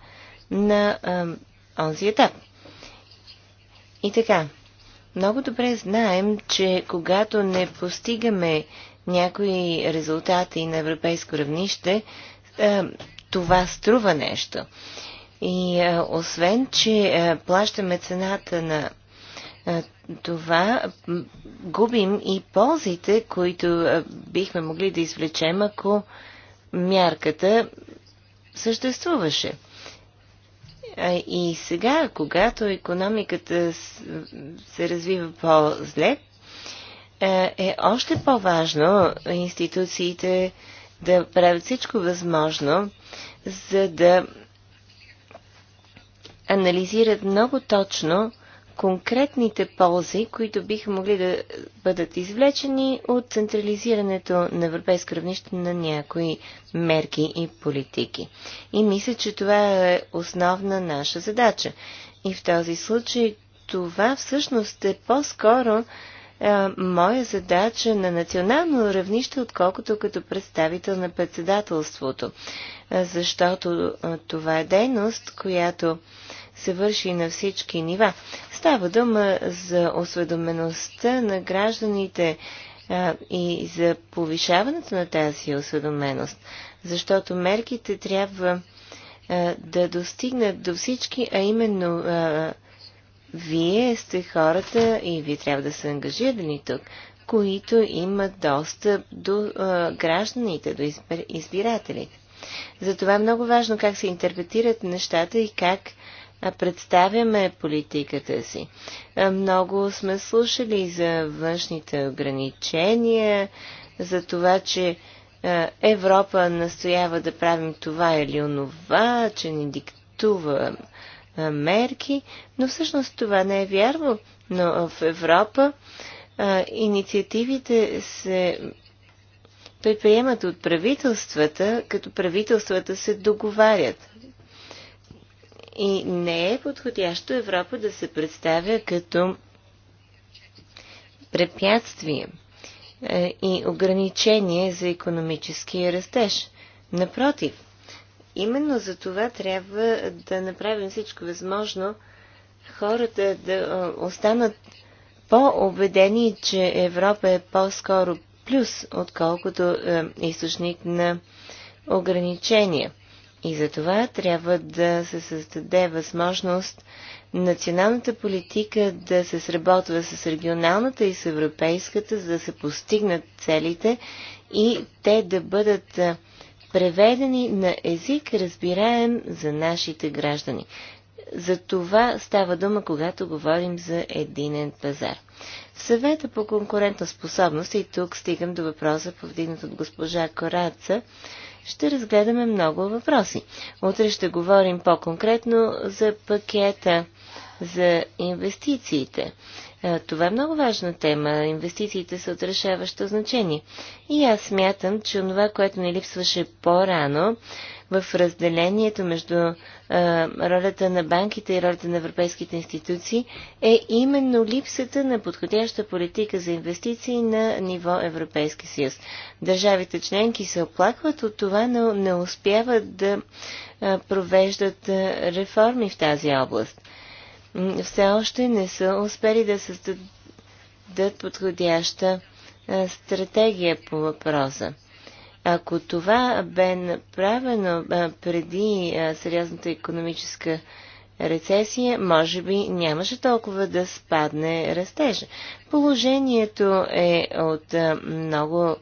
[SPEAKER 2] на а, онзи етап. И така, много добре знаем, че когато не постигаме някои резултати на европейско равнище, е, това струва нещо. И е, освен, че е, плащаме цената на това губим и ползите, които бихме могли да извлечем, ако мярката съществуваше. И сега, когато економиката се развива по-зле, е, е още по-важно институциите да правят всичко възможно, за да анализират много точно конкретните ползи, които биха могли да бъдат извлечени от централизирането на европейско равнище на някои мерки и политики. И мисля, че това е основна наша задача. И в този случай това всъщност е по-скоро е, моя задача на национално равнище, отколкото като представител на председателството. Е, защото е, това е дейност, която се върши на всички нива. Става дума за осведомеността на гражданите и за повишаването на тази осведоменост. Защото мерките трябва да достигнат до всички, а именно вие сте хората и вие трябва да са ангажирани тук, които имат достъп до а, гражданите, до избирателите. Затова е много важно как се интерпретират нещата и как представяме политиката си. Много сме слушали за външните ограничения, за това, че Европа настоява да правим това или онова, че ни диктува мерки, но всъщност това не е вярно. Но в Европа а, инициативите се предприемат от правителствата, като правителствата се договарят. И не е подходящо Европа да се представя като препятствие и ограничение за економическия растеж. Напротив, Именно за това трябва да направим всичко възможно хората да останат по-убедени, че Европа е по-скоро плюс, отколкото е източник на ограничения. И за това трябва да се създаде възможност националната политика да се сработва с регионалната и с европейската, за да се постигнат целите и те да бъдат преведени на език, разбираем за нашите граждани. За това става дума, когато говорим за единен пазар. В съвета по конкурентна способност, и тук стигам до въпроса, повдигнат от госпожа Кораца, ще разгледаме много въпроси. Утре ще говорим по-конкретно за пакета за инвестициите. Е, това е много важна тема. Инвестициите са от решаващо значение. И аз смятам, че това, което ни липсваше по-рано в разделението между а, е, ролята на банките и ролята на европейските институции, е именно липсата на подходяща политика за инвестиции на ниво Европейски съюз. Държавите членки се оплакват от това, но не успяват да е, провеждат реформи в тази област все още не са успели да създадат подходяща стратегия по въпроса. Ако това бе направено преди сериозната економическа рецесия, може би нямаше толкова да спадне растежа. Положението е от много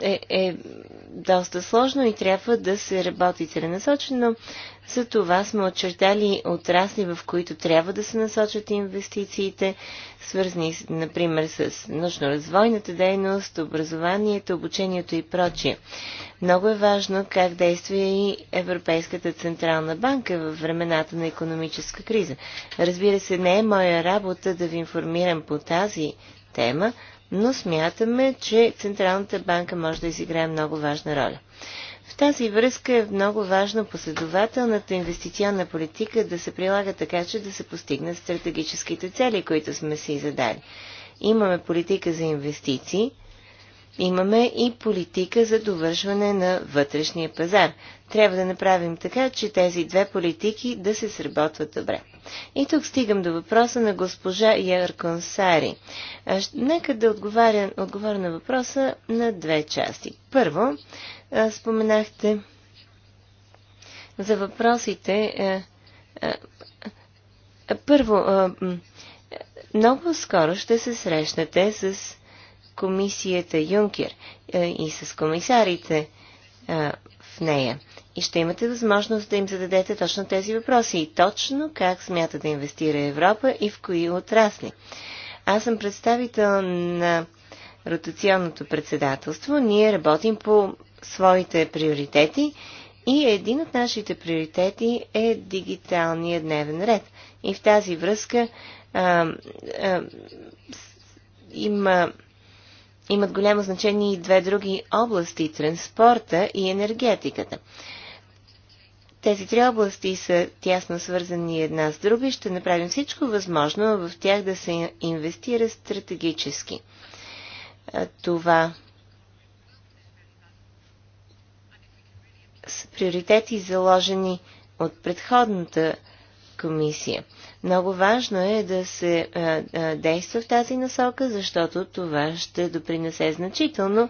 [SPEAKER 2] е, е доста сложно и трябва да се работи целенасочено. За това сме очертали отрасли, в които трябва да се насочат инвестициите, свързани, например, с научно-развойната дейност, образованието, обучението и прочие. Много е важно как действа и Европейската Централна банка в времената на економическа криза. Разбира се, не е моя работа да ви информирам по тази тема, но смятаме, че Централната банка може да изиграе много важна роля. В тази връзка е много важно последователната инвестиционна политика да се прилага така, че да се постигнат стратегическите цели, които сме си задали. Имаме политика за инвестиции, имаме и политика за довършване на вътрешния пазар. Трябва да направим така, че тези две политики да се сработват добре. И тук стигам до въпроса на госпожа Ярконсари. Нека да отговаря, отговоря на въпроса на две части. Първо, споменахте за въпросите. Първо, много скоро ще се срещнете с комисията Юнкер е, и с комисарите е, в нея. И ще имате възможност да им зададете точно тези въпроси и точно как смята да инвестира Европа и в кои отрасли. Аз съм представител на ротационното председателство. Ние работим по своите приоритети и един от нашите приоритети е дигиталния дневен ред. И в тази връзка а, а, има имат голямо значение и две други области – транспорта и енергетиката. Тези три области са тясно свързани една с друга и ще направим всичко възможно в тях да се инвестира стратегически. Това са приоритети заложени от предходната комисия. Много важно е да се а, а, действа в тази насока, защото това ще допринесе значително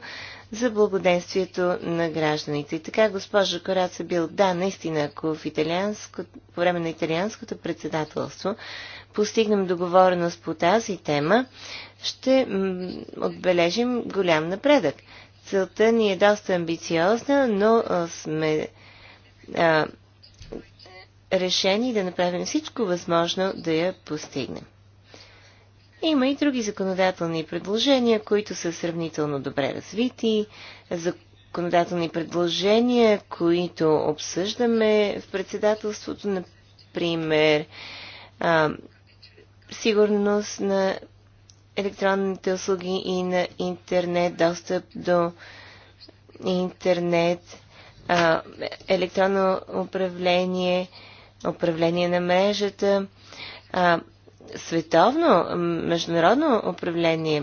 [SPEAKER 2] за благоденствието на гражданите. И така, госпожа Кораца Бил, да, наистина, ако в италианско, по време на италианското председателство постигнем договореност по тази тема, ще отбележим голям напредък. Целта ни е доста амбициозна, но сме а, решени да направим всичко възможно да я постигнем. Има и други законодателни предложения, които са сравнително добре развити, законодателни предложения, които обсъждаме в председателството, например, а, сигурност на електронните услуги и на интернет, достъп до интернет, а, електронно управление, управление на мрежата, а, световно, международно управление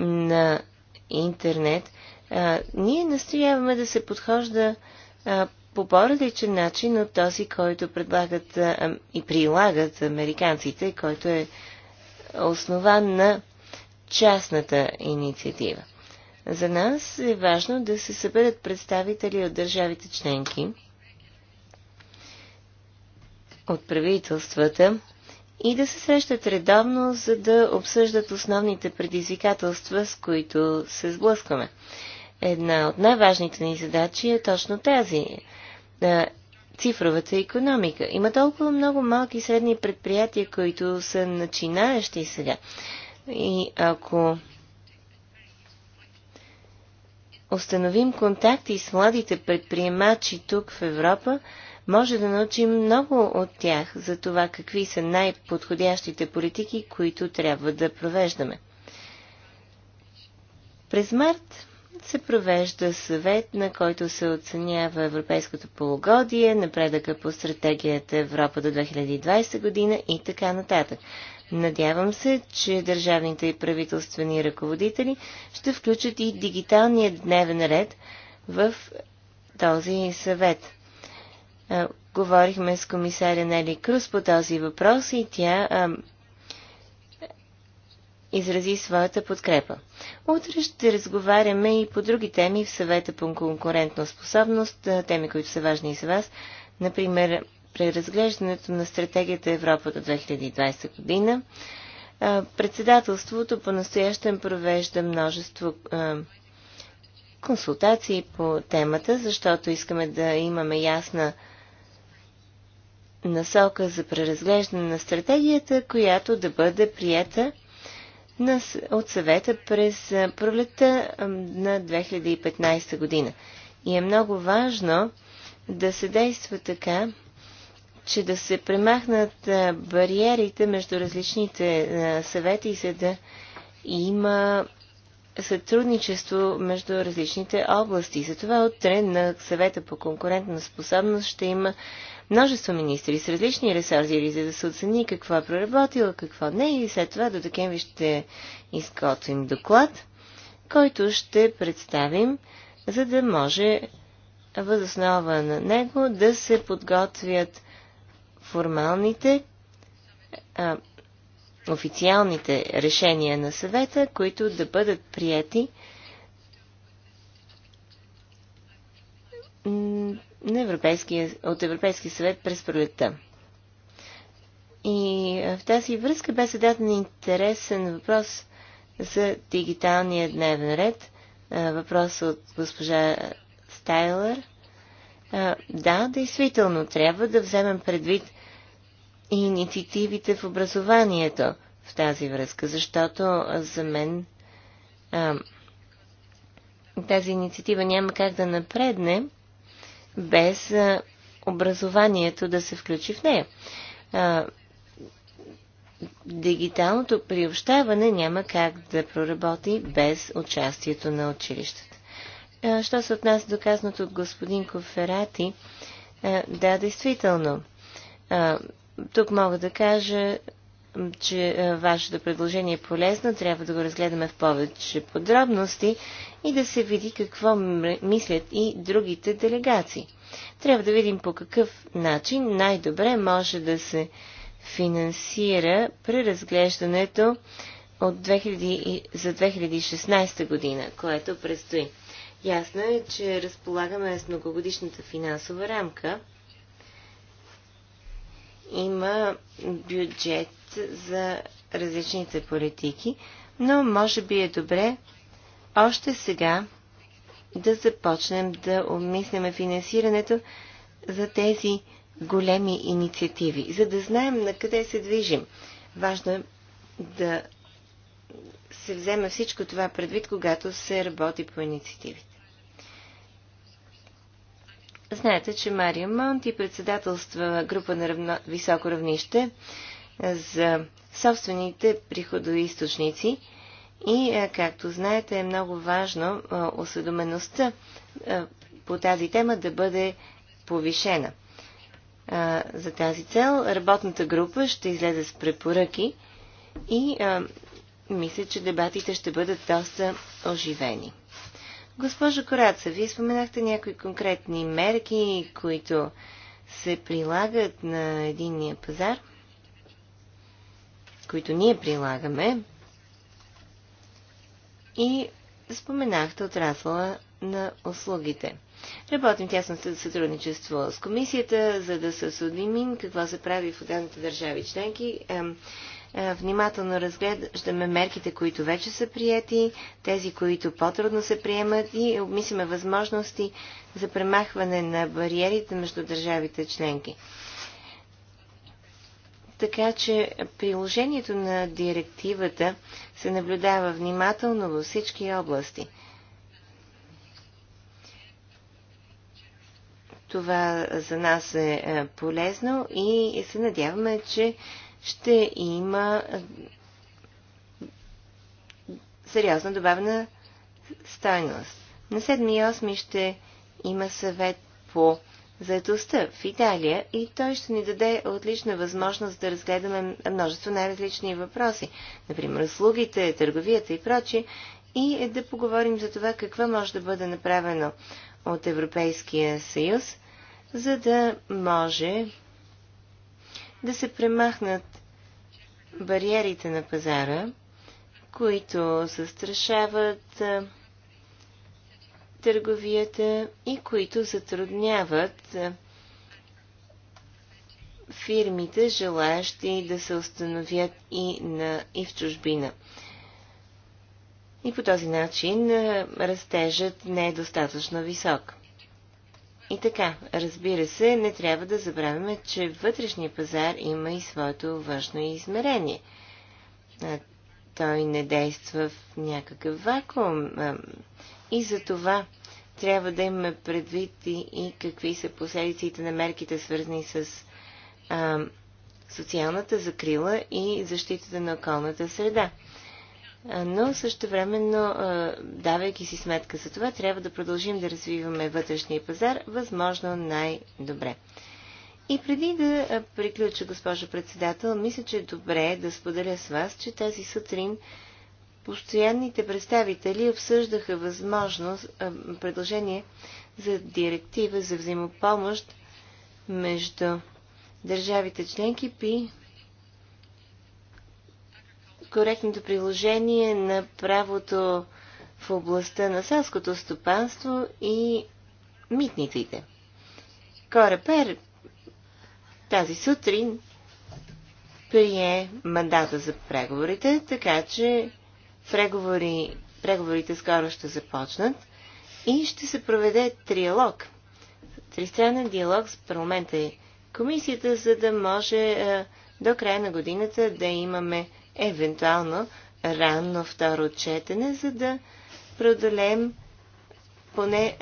[SPEAKER 2] на интернет, а, ние настояваме да се подхожда а, по по-различен начин от този, който предлагат а, и прилагат американците, който е основан на частната инициатива. За нас е важно да се съберат представители от държавите членки – от правителствата и да се срещат редовно, за да обсъждат основните предизвикателства, с които се сблъскваме. Една от най-важните ни задачи е точно тази цифровата економика. Има толкова много малки и средни предприятия, които са начинаещи сега. И ако установим контакти с младите предприемачи тук в Европа, може да научим много от тях за това какви са най-подходящите политики, които трябва да провеждаме. През март се провежда съвет, на който се оценява европейското полугодие, напредъка по стратегията Европа до 2020 година и така нататък. Надявам се, че държавните и правителствени ръководители ще включат и дигиталния дневен ред в този съвет. Е, говорихме с комисаря Нели Круз по този въпрос и тя а, е, изрази своята подкрепа. Утре ще разговаряме и по други теми в съвета по конкурентна способност, е, теми, които са важни и за вас. Например, преразглеждането на стратегията Европа до 2020 година. Председателството по-настоящен провежда множество консултации по темата, защото искаме да имаме ясна насока за преразглеждане на стратегията, която да бъде приета от съвета през пролета на 2015 година. И е много важно да се действа така, че да се премахнат бариерите между различните съвети, за да има сътрудничество между различните области. Затова утре на съвета по конкурентна способност ще има множество министри с различни ресори, за да се оцени какво е проработило, какво не и след това до декември ще изготвим доклад, който ще представим, за да може възоснова на него да се подготвят формалните, а, официалните решения на съвета, които да бъдат прияти на Европейския, от Европейския съвет през пролетта. И в тази връзка бе зададен интересен въпрос за дигиталния дневен ред. Въпрос от госпожа Стайлер. Да, действително, трябва да вземем предвид инициативите в образованието в тази връзка, защото за мен тази инициатива няма как да напредне, без образованието да се включи в нея. Дигиталното приобщаване няма как да проработи без участието на училищата. Що се отнася до казаното от господин Коферати, да, действително. Тук мога да кажа че е, вашето предложение е полезно, трябва да го разгледаме в повече подробности и да се види какво мислят и другите делегации. Трябва да видим по какъв начин най-добре може да се финансира преразглеждането от 2000, за 2016 година, което предстои. Ясно е, че разполагаме с многогодишната финансова рамка. Има бюджет за различните политики, но може би е добре още сега да започнем да обмисляме финансирането за тези големи инициативи, за да знаем на къде се движим. Важно е да се вземе всичко това предвид, когато се работи по инициативите. Знаете, че Марио Монти председателства група на равно, високо равнище за собствените приходоисточници. И, е, както знаете, е много важно е, осведомеността е, по тази тема да бъде повишена. За тази цел работната група ще излезе с препоръки и мисля, че дебатите ще бъдат доста оживени. Госпожо Кораца, Вие споменахте някои конкретни мерки, които се прилагат на единния пазар които ние прилагаме. И споменахте отрасла на услугите. Работим тясно сътрудничество с комисията, за да се осъдимим какво се прави в отделните държави членки. Е, внимателно разглеждаме мерките, които вече са приети, тези, които по-трудно се приемат и обмисляме възможности за премахване на бариерите между държавите членки така че приложението на директивата се наблюдава внимателно във всички области. Това за нас е, е полезно и се надяваме, че ще има е, сериозна добавена стойност. На 7 и 8 ще има съвет по заедостта в Италия и той ще ни даде отлична възможност да разгледаме множество най-различни въпроси, например услугите, търговията и прочи, и да поговорим за това какво може да бъде направено от Европейския съюз, за да може да се премахнат бариерите на пазара, които състрашават търговията и които затрудняват фирмите, желаящи да се установят и, на, и в чужбина. И по този начин растежът не е достатъчно висок. И така, разбира се, не трябва да забравяме, че вътрешния пазар има и своето външно измерение той не действа в някакъв вакуум. И за това трябва да имаме предвид и, и какви са последиците на мерките, свързани с а, социалната закрила и защитата на околната среда. Но същевременно, давайки си сметка за това, трябва да продължим да развиваме вътрешния пазар възможно най-добре. И преди да приключа, госпожо председател, мисля, че е добре да споделя с вас, че тази сутрин постоянните представители обсъждаха възможност, предложение за директива за взаимопомощ между държавите членки при коректното приложение на правото в областта на селското стопанство и митниците. Корепер тази сутрин прие мандата за преговорите, така че преговори, преговорите скоро ще започнат и ще се проведе триалог. Тристранен диалог с парламента и комисията, за да може а, е, до края на годината да имаме евентуално ранно второ четене, за да преодолеем поне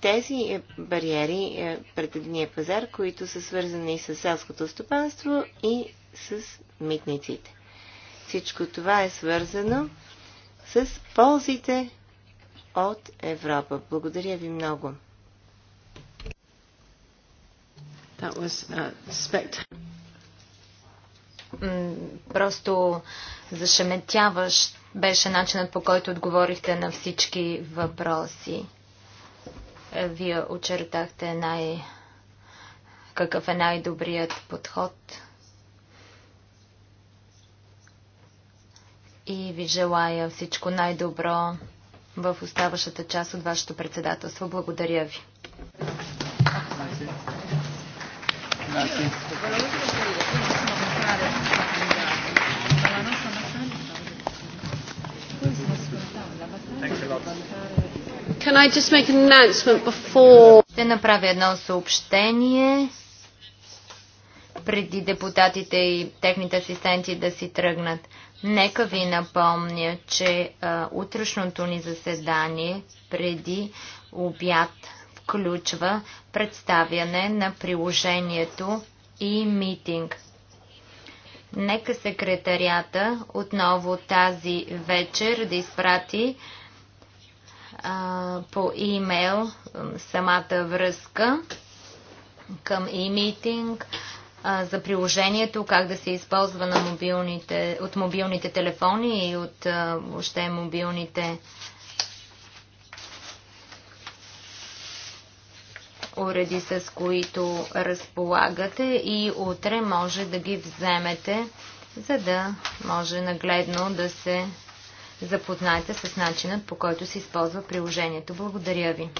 [SPEAKER 2] тези е, бариери е, пред едния пазар, които са свързани с селското стопанство и с митниците. Всичко това е свързано с ползите от Европа. Благодаря ви много.
[SPEAKER 4] That was, uh, spect... Просто зашеметяващ беше начинът по който отговорихте на всички въпроси. Е, вие очертахте най... какъв е най-добрият подход. И ви желая всичко най-добро в оставащата част от вашето председателство. Благодаря ви. Gracias. Can I just make an announcement before... Ще направя едно съобщение преди депутатите и техните асистенти да си тръгнат. Нека ви напомня, че а, утрешното ни заседание преди обяд включва представяне на приложението и митинг. Нека секретарията отново тази вечер да изпрати а, по имейл самата връзка към e-meeting а, за приложението, как да се използва на мобилните, от мобилните телефони и от а, въобще мобилните уреди, с които разполагате и утре може да ги вземете, за да може нагледно да се запознаете с начинът по който се използва приложението. Благодаря ви.